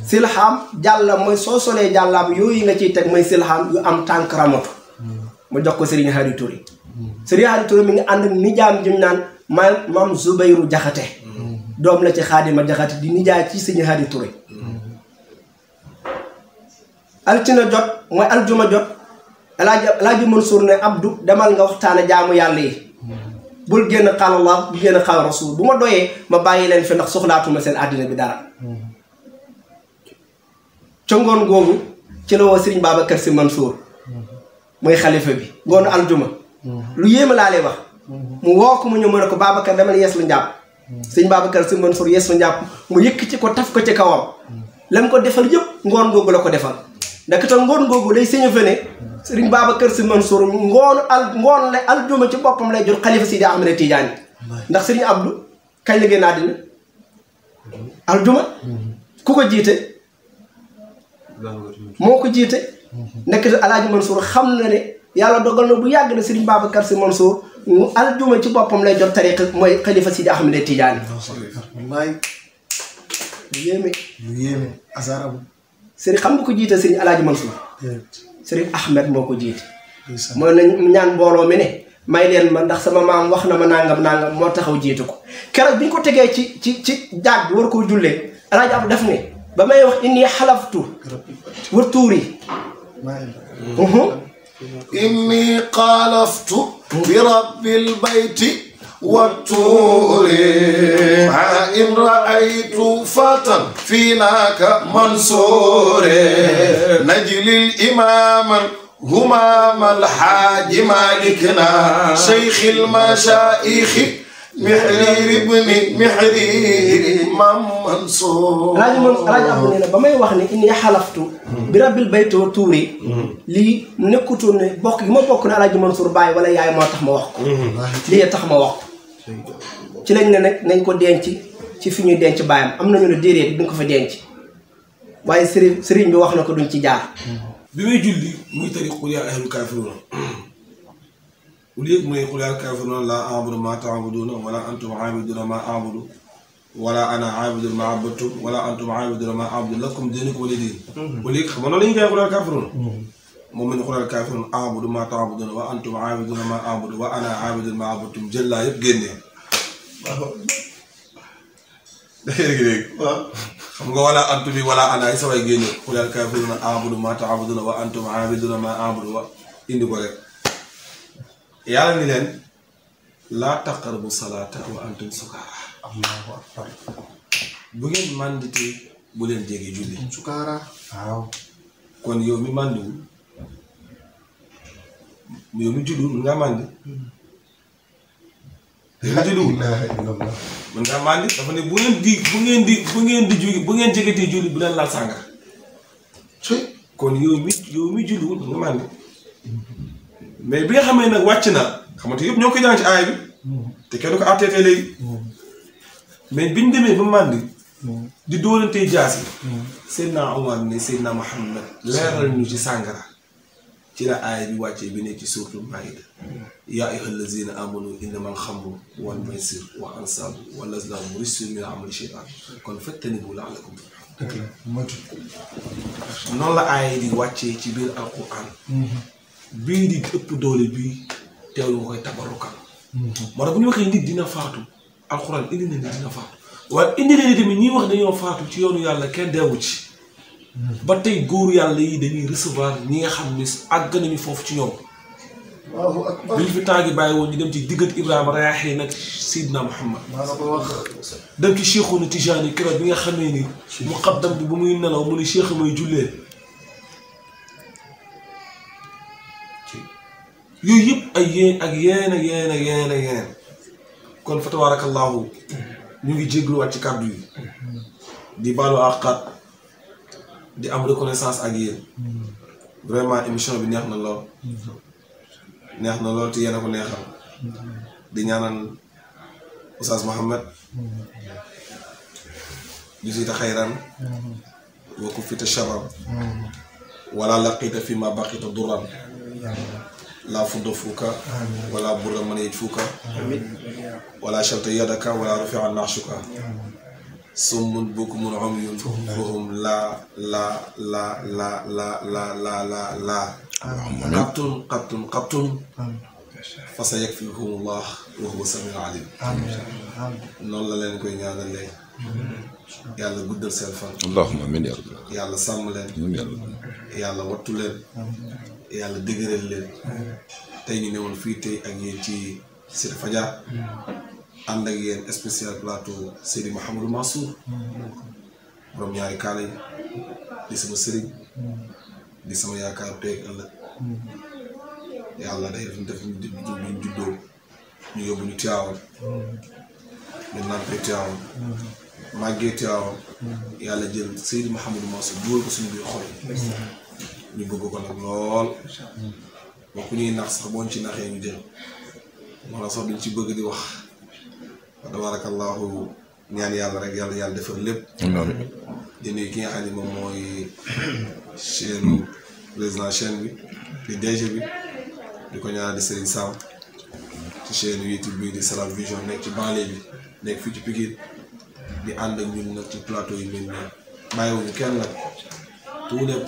silxaam jàlla mooy soo solee jàllaam yooyu nga ciy teg mooy silxaam yu am tànk ramatu mu jox ko sëriñ Hadi Touré sëriñ Hadi Touré mi ngi ànd ak nijaam jim naan maam maam Zubayru Jaxate doom la ci xaadima Jaxate di nijaay ci sëriñ Hadi Touré altina jot mooy aljuma jot alaaji alaaji Mansour ne Abdou demal nga waxtaane jaamu yàlla yi bul génn xaal bu génn xaal rasul bu ma doyee ma bàyyi leen fi ndax soxlaatuma seen àddina bi dara ca ngoon googu ci la woo Serigne Babacar Sy Mansour mooy xalifa bi ngoonu aljuma lu yéema laa lay wax mu woo ko mu ñëw mu ne ko Babacar demal yees lu njàpp sëñ Babacar Sy Mansour yees lu njàpp mu yëkk ci ko taf ko ci kawam lam ko defal yëpp ngoon googu la ko defal ndekete ngoon googu lay signifié ne sëriñ Babacar Sy Mansour ngoonu al ngoon la aljuma ci boppam lay jot xalifa Sidi Ahmed Tidiane ndax sëriñ Abdou kañ ku ko jiite moo ko jiite mhm. ndekete alaaji Mansour xam na ne yàlla dogal na bu yàgg ne na sëriñ Babacar Sy Mansour mu aljuma ci boppam lay jot tariqa mooy xalifa Sidi Ahmed Tidiane yéeme yéeme asaarabu sëriñ xam nga ko jiite sëriñ Alaaji Mansour hmm. sëriñ Ahmed moo ko jiite mooy nañ ñaan mbooloo mi ne may leen ma ndax sama maam wax na ma nangam nangam moo taxaw jiite ko keroog bi ñu ko tegee ci ci ci jaag bi war koo jullee Alaaji Abdu daf ne ba may wax inni xalaftu wa tuuri hmm. Hmm. inni xalaftu bi rabbil bayti والطور مع إن رأيت فتى فيناك منصور نجل الإمام همام الحاج مالكنا شيخ المشايخ محرير ابن محرير مام منصور راج راج am nee na ba may wax ni inni xalaftu bi rabbil bayt wa tuuri hmm. lii nekkutoon ne bokk gi ma bokk na alaaji Mansour Baye wala yaay moo tax ma wax ko hmm. lii tax ma wax ko ci lañ ne nekk nañ ko denc ci fi ñuy denc baayam am nañu ne déedéet duñ ko fa denc waaye sëriñ sëriñ bi wax la ko duñ ci jaar. bi muy julli muy tari qul yaa ayyuhal kaafiruun au lieu mu ne qul yaa ayyuhal kaafiruun laa a'budu maa ta'buduuna wala antum aabiduuna maa a'budu wala ana aabidun maa abadtum wala antum mm-hmm. noonu la ñuy jaay qul mu'min xulal kaafiruun aabudu maa taabuduuna wa antum aabiduuna maa aabudu wa ana aabidun maa aabudtum jël laa yëpp génne. waaw. waaw. xam nga wala antum bi wala ana ay sa way génne xulal kaafiruun aabudu maa taabuduuna wa antum aabiduuna maa aabudu wa indi ko rek. yàlla ni leen. laa taqrabu salaata wa antum sukaara. allahu akbar. bu ngeen màndite bu leen jege julli. sukaara waaw. kon yow mi màndiwul. mu mi judd mën ngaa màndi. yow mi màndi dafa ne bu ngeen di bu ngeen di bu ngeen di julli bu ngeen jegetee julli bu leen laal kon yow mi yow nga màndi mais bi nga xamee nag wàcc na xamante yëpp ñoo ko jàng ci aay bi. te kenn du ko àtteetee léegi. mais biñ demee ba màndi. di dóorantee jaas yi. Mm. Seydina Omar ne Seydina Mouhamed leeral ñu ci sàngara. ci la aaya bi wàccee bi nekk ci suuratul Maayida yaa ayyuhal laziina aamanu innamal xamru wal maysiru wal ansaabu wal azlaamu rijsun min amali shaytaan kon fajtanibuuhu la'allakum turhamuun noonu la aaya di wàccee ci biir alquran bii di ëpp doole bii teewlu nga koy tabarukan moo tax bu ñu waxee nit dina faatu alquran indi na nit dina faatu waaye indi na nit ñi wax dañoo faatu ci yoonu yàlla kenn deewu ci ba tey góor yàlla yi dañuy recevoir ñi nga xam ne àgg nañu foofu ci ñoom. waaw ak bi ñu fi temps gi bàyyi woon ñu dem ci diggante Ibrahima rayaax yi nag Muhammad. dem ci Cheikhuna bi nga xamee ni. muqaddam bi bu muy mu ne Cheikh mooy jullee. yooyu ak yéen ak yéen ñu ngi jégluwaat ci kàddu yi. di baalu àqaat. di am reconnaissance ak yéen hmm. vraiment émission bi neex na lool hmm. neex na lool te yéen a ko neexal hmm. di ñaanal Oustaz Mohamed jisita xayran wa kufita sharran wala laqita fi ma baqita durran laa fudda fuuka wala burra man yej fuuka wala shalta yadaka wala rafia naxshuka summun bukmun umyun fahum la laa la la la laa laa laa laa qabtun qabtun qabtun fa sa yakfihum allah wa huwa la leen koy ñaanalee yàlla guddal seen fan allahumma amin ya rabbi yàlla sàmm leen yàlla wattu leen yàlla dëgëral leen tey ñu newoon fii tey ak yéen ci Sir Fadia ànd ak yéen spécial plateau Seydi Mouhamadou Mansour borom ñaari kaala yi di sama sëriñ di sama yaakaar teeg ëllëg yàlla day def def ñu juddoo ñu yóbbu ñu Tiwaawan ñu nàmpee Tiwaawan màggee Tiwaawan yàlla jël Seydi Mouhamadou Mansour dugal ko suñu biir xol ñu bëgg ko nag lool boo ku ñuy nax sax boon ci naxee ñu jël wala sax duñ ci bëgg di wax tabaarakallaahu ñaan yàlla rek yàlla yàlla defal lépp. di nuyu ki nga xam moom mooy chaîne président chaîne bi di bi di ko ñaanal di Serigne Sam ci chaîne YouTube bi di Salam Vision nekk ci banlieue bi nekk fii ci Pikine di ànd ak ñun nag ci plateau yu mel nii bàyyiwuñu kenn nag tous les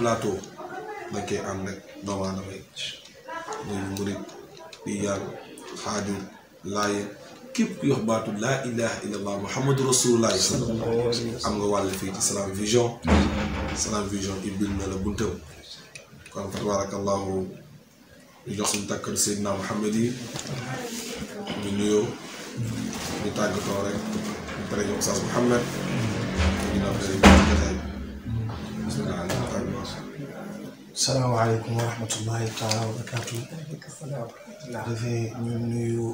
yi yàlla xaajul laayeen képp ku yox baatu laa ilaha illallah muhammadu rasulullah am nga wàll fii ci Salam Vision Salam Vision ibbil na la buntam kon fa tabarakallahu ñu jox suñu takkal Seydina Muhammad yi ñu nuyoo ñu tàggatoo rek ñu pare jox Oustaz Mouhamed ñu naan salaamaaleykum wa rahmatullahi taala wa barakaatu. dafay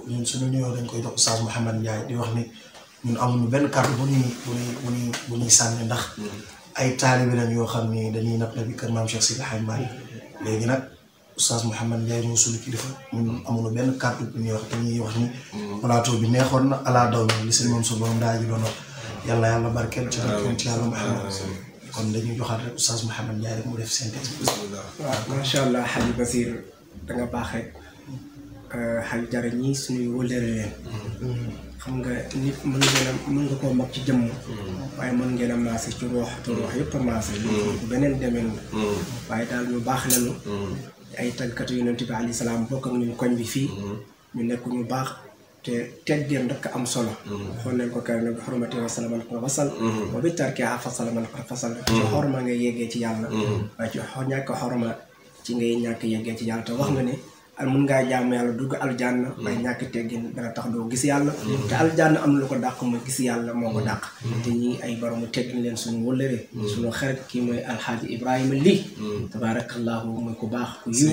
ñu suñu nuyoo dañ koy dox Oustaz di wax ni ñun amuñu benn kàddu bu ñuy bu ñuy ndax. ay taalibe lañ yoo xam ni dañuy napp la bi kër maam Cheikh Sidi Hadj Malick léegi nag Oustaz suñu kilifa ñun amuñu benn kàddu bu ñuy wax dañuy wax ni. plateau bi neexoon na ala daw mi li seen su borom daa ji doon wax. yàlla yàlla barkeel ci yàlla Mouhamed. kon dañuy joxaat rek oustaz Mouhamed Ndiaye rek mu def synthèse bi. waaw macha allah Hadj Basir da nga baax rek. Euh, xaj jara ñi suñuy wëllëre xam nga nit mën ngeen mën nga koo mag ci jëmm waaye mën ngeen a maase ci roox te roox yëpp a maase lu mm. beneen demeen mm. waaye daal ñu baax lañu mm. ay tàggkatu yonent bi alayhi salaam bokk ak koñ bi fii ñu nekk ñu baax te teggeen dokka am solo hon nen ko kawne ko hormati wasalaman ko wasal o ɓe tarke ha fasalaman ko fasal ci horma nga yeggee ci yàlla waaye ci ñàkk horma ci ngay ñàkk yeggee ci yàlla te wax na ne mun ngaa jaamu yàlla dugg aljanna may ñàkk teggin dana tax doo gis yàlla te aljanna am na lu ko dàq mooy gis yàlla moo ko dàq te ñi ay boromu teggin leen suñu wëllëree suñu xarit kii mooy alxaaji ibrahima lii tabaarakallaahu mooy ku baax ku yiw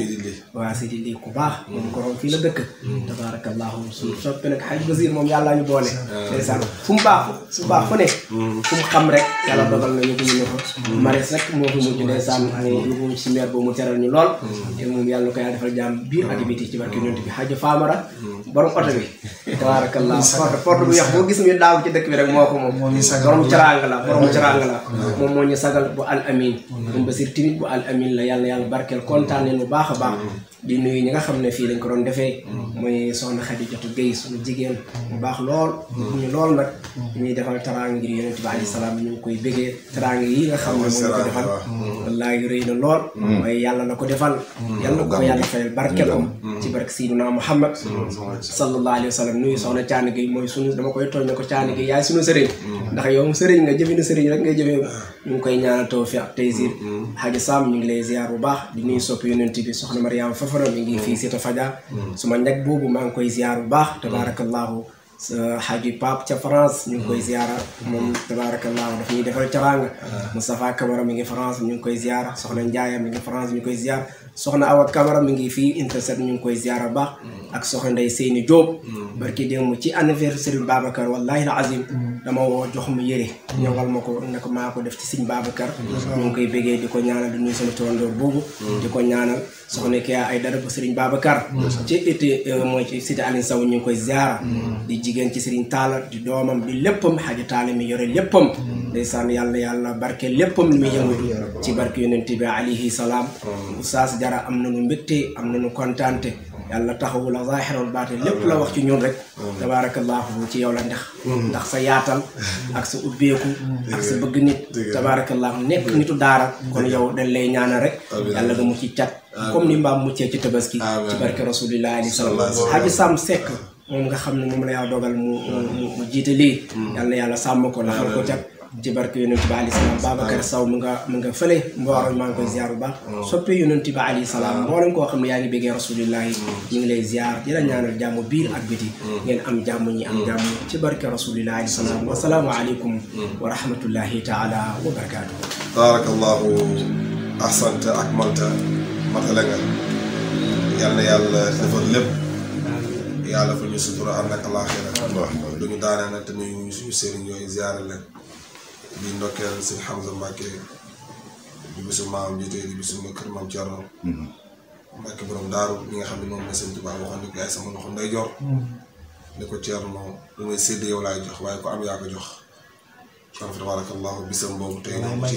waa sidi lii ku baax moom korom mm. la dëkk mm. tabaarakallaahu suñu soppe nag xaaj basir moom yàllaa ñu boole ah. ndeysaan fu mu baax fu baax fu ne mm. fu mu xam rek yàlla dogal na yóbbu ñu fa maris rek moo fi mujj ndeysaan yóbbu boobu mu teral ñu lool te moom yàlla ko yàlla defal jàmm biir aji biti ci barke yonent bi xajo faamara mm. borom oto bi tabarakallah porte bu yax boo gis ñu daaw ci dëkk bi rek moo ko moom borom caranga la borom caranga la moom moo ñu sagal bu al amin moom basir timit bu al amin la yàlla yàlla barkeel kontaan leen bu baax a baax mm. di nuyu ñi nga xam ne fii lañ ko doon defee mm. muy soxna Xadijatu Géy suñu jigéen mu baax lool ñu mm. lool nag mm. ñuy defal teraanga ngir yonent bi alayhi ñu ngi koy bëggee teraanga yi nga xam ne moom la ko defal wallaahi rëy na lool waaye yàlla na ko defal yàlla na ko yàlla fayal barkeelam ci barke Seydina Muhammad sallallahu alayhi wa sallam nuyu soxna Caani Géy mooy suñu dama koy tooñ ne ko Caani Géy yaay suñu sëriñ ndax yow sëriñ nga jëfina sëriñ rek ngay jëfee ah. ñu ngi koy ñaanal tawfiq taysir Xaji Sam ñu ngi lay ziar bu baax di nuyu sopp yonent bi soxna téléphone mi ngi mm. fii Cité Fadia mm. suma ñag boobu maa ngi koy ziar bu baax mm. tabarakallahu xaaji Pape ca France ñu ngi koy ziara moom tabarakallahu daf ñuy defal caranga ah. Moustapha Camara mi ngi France ñu ngi koy ziara soxna Ndiaye mi ngi France ñu ngi koy ziar soxna Awa Camara mi ngi fii interset ñu ngi koy ziara baax ak soxna Ndey Seyni Diop barki démb ci anniversaire bi Babacar wallahi al azim dama woo jox mu yëre ñëwal ma ko ne ko maa ko def ci siñ Babacar ñu ngi koy bégee di ko ñaanal di nuyu sama turandoo boobu di ko ñaanal soxna kii ay dara bu Serigne Babacar. ci été euh, mooy ci cité Aline Sow ñu ngi koy ziara. Mm. di jigéen ci Serigne Talla di doomam di léppam xaja Talla mi yore léppam. Mm. ndeysaan yàlla yàlla barke léppam lu muy ci barke yonent bi alayhi salaam. Mm. Oustaz Jara am nañu mbégte am nañu kontaante. yàlla taxawu la zaahiral baate lépp la wax ci ñun rek tabaarakallaahu ci yow la ndax ndax sa yaatal ak sa ubbeeku ak sa bëgg nit tabaarakallaahu nekk nitu daara kon yow dañ lay ñaanal rek yàlla nga mu ci cat comme ni mbaam muccee ci tabaski ci barke rasulillah alayhi salaam Haji moom nga xam ne moom la yaa dogal mu mu jiite lii mm. yal yàlla sàmm ko laxal ko jàpp ci barke yonent ba alayhi salaam Babacar nga mu nga fële mbooro maa ngi bu baax mm. mm. soppe yonent ba alayhi salaam koo xam ne yàlla yaa ngi béggee rasulillahi ñu ngi lay ziar di la ñaanal jàmm biir ak biti ngeen am jàmm ñi am jàmm ci barke rasulillahi alayhi salaam wasalaamu aleykum wa rahmatullahi taala wa barakaatu tabaarakallahu ahsanta akmalta matale nga yal na yàlla defal lépp yàlla fa ñu sutura ànd ak alaaxira duñu daanee nag te nuyu suñu sëriñ yooyu ziyaare leen di ndokkeel sëñ Hamza Mbacke di bisu maam ji di bisu ma kër maam Thierno mhm. Mbacke borom daaru ñi nga xam ne moom la sëñ Tuubaa waxoon ni ko yaay sama loxo mhm. ko Thierno lu may sédd yow laay jox waaye ko am yaa ko jox kon fa tabaarakallahu bisam boobu tey moom ci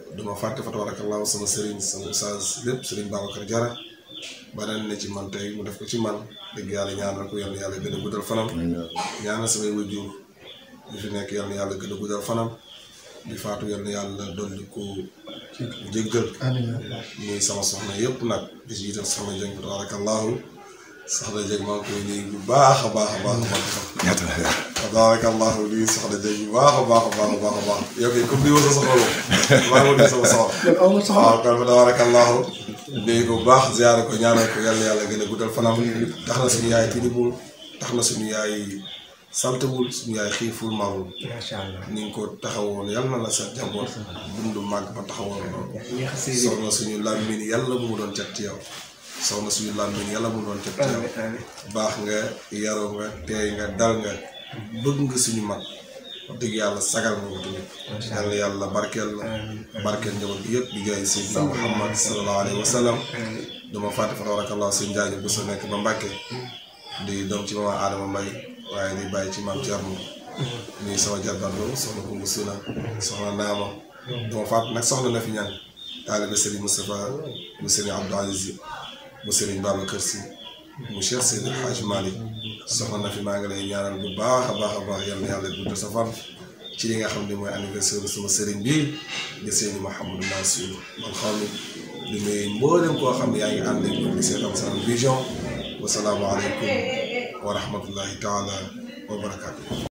du ma fàtte fa tabarakallahu sama sëriñ sama oustaz lépp sëriñ Babacar Diarra ba daan ne ci man tey mu def ko ci man dëgg yàlla ñaanal ko yàlla yàlla gën a guddal fanam. ñaanal samay wajju li fi nekk yàlla yàlla gën a guddal fanam. di faatu yal na yàlla dolli ko jéggal muy sama soxna yëpp nag di jiital sama jëng tabarakallahu soxna Dieng maa ngi koy nuyu bu baax a baax a baax a baax. ñaata la yor. baax a baax baax a baax. yow kay comme ni ma sa soxla la. maa ngi sama soxla. yow amul soxla waaw kon tabarakallah nuyu ko bu baax ziyaare ko ñaanal ko yàlla yàlla gën a guddal fanam. tax na suñu yaay tilimul tax na suñu yaay saltewul suñu yaay xiiful maawul. ni nga ko taxawoon yàlla na la sa jàmboot. dund màgg ba taxawoon lool. soxna suñu làmmiñ yàlla mu doon cat ci yow. soxna suñu làmmiñ yàlla mu doon teew baax nga yaru nga teey nga dal nga bëgg nga suñu mag wax yàlla sagal nga ko tamit yàlla yàlla barkeel la barkeel njaboot bi yëpp di jaay Seydina Muhammad sallallahu alayhi nekk ba Mbàkke mm. di doom ci maman Adama Mbaye waaye di bàyyi ci maam Thierno nii mm. sama jarbaat loolu soxna Koumba Sula mm. soxna Naama duma fàtte nag soxna na fi ñaan taalibe Serigne Moustapha mu Serigne Abdou Aziz bu Serigne Babacar Sy mu Cheikh Seydi El Hadj Malick na fi maa ngi lay ñaanal bu baax a baax a baax yal na yàlla gudd sa ci li nga xam ne mooy anniversaire sama bi di Seydi Mouhamadou Mansour man xaw ma di ko mboolem koo xam ne yaa ngi ànd ak ñoom di seetaan Salam Vision wasalaamualeykum taala wa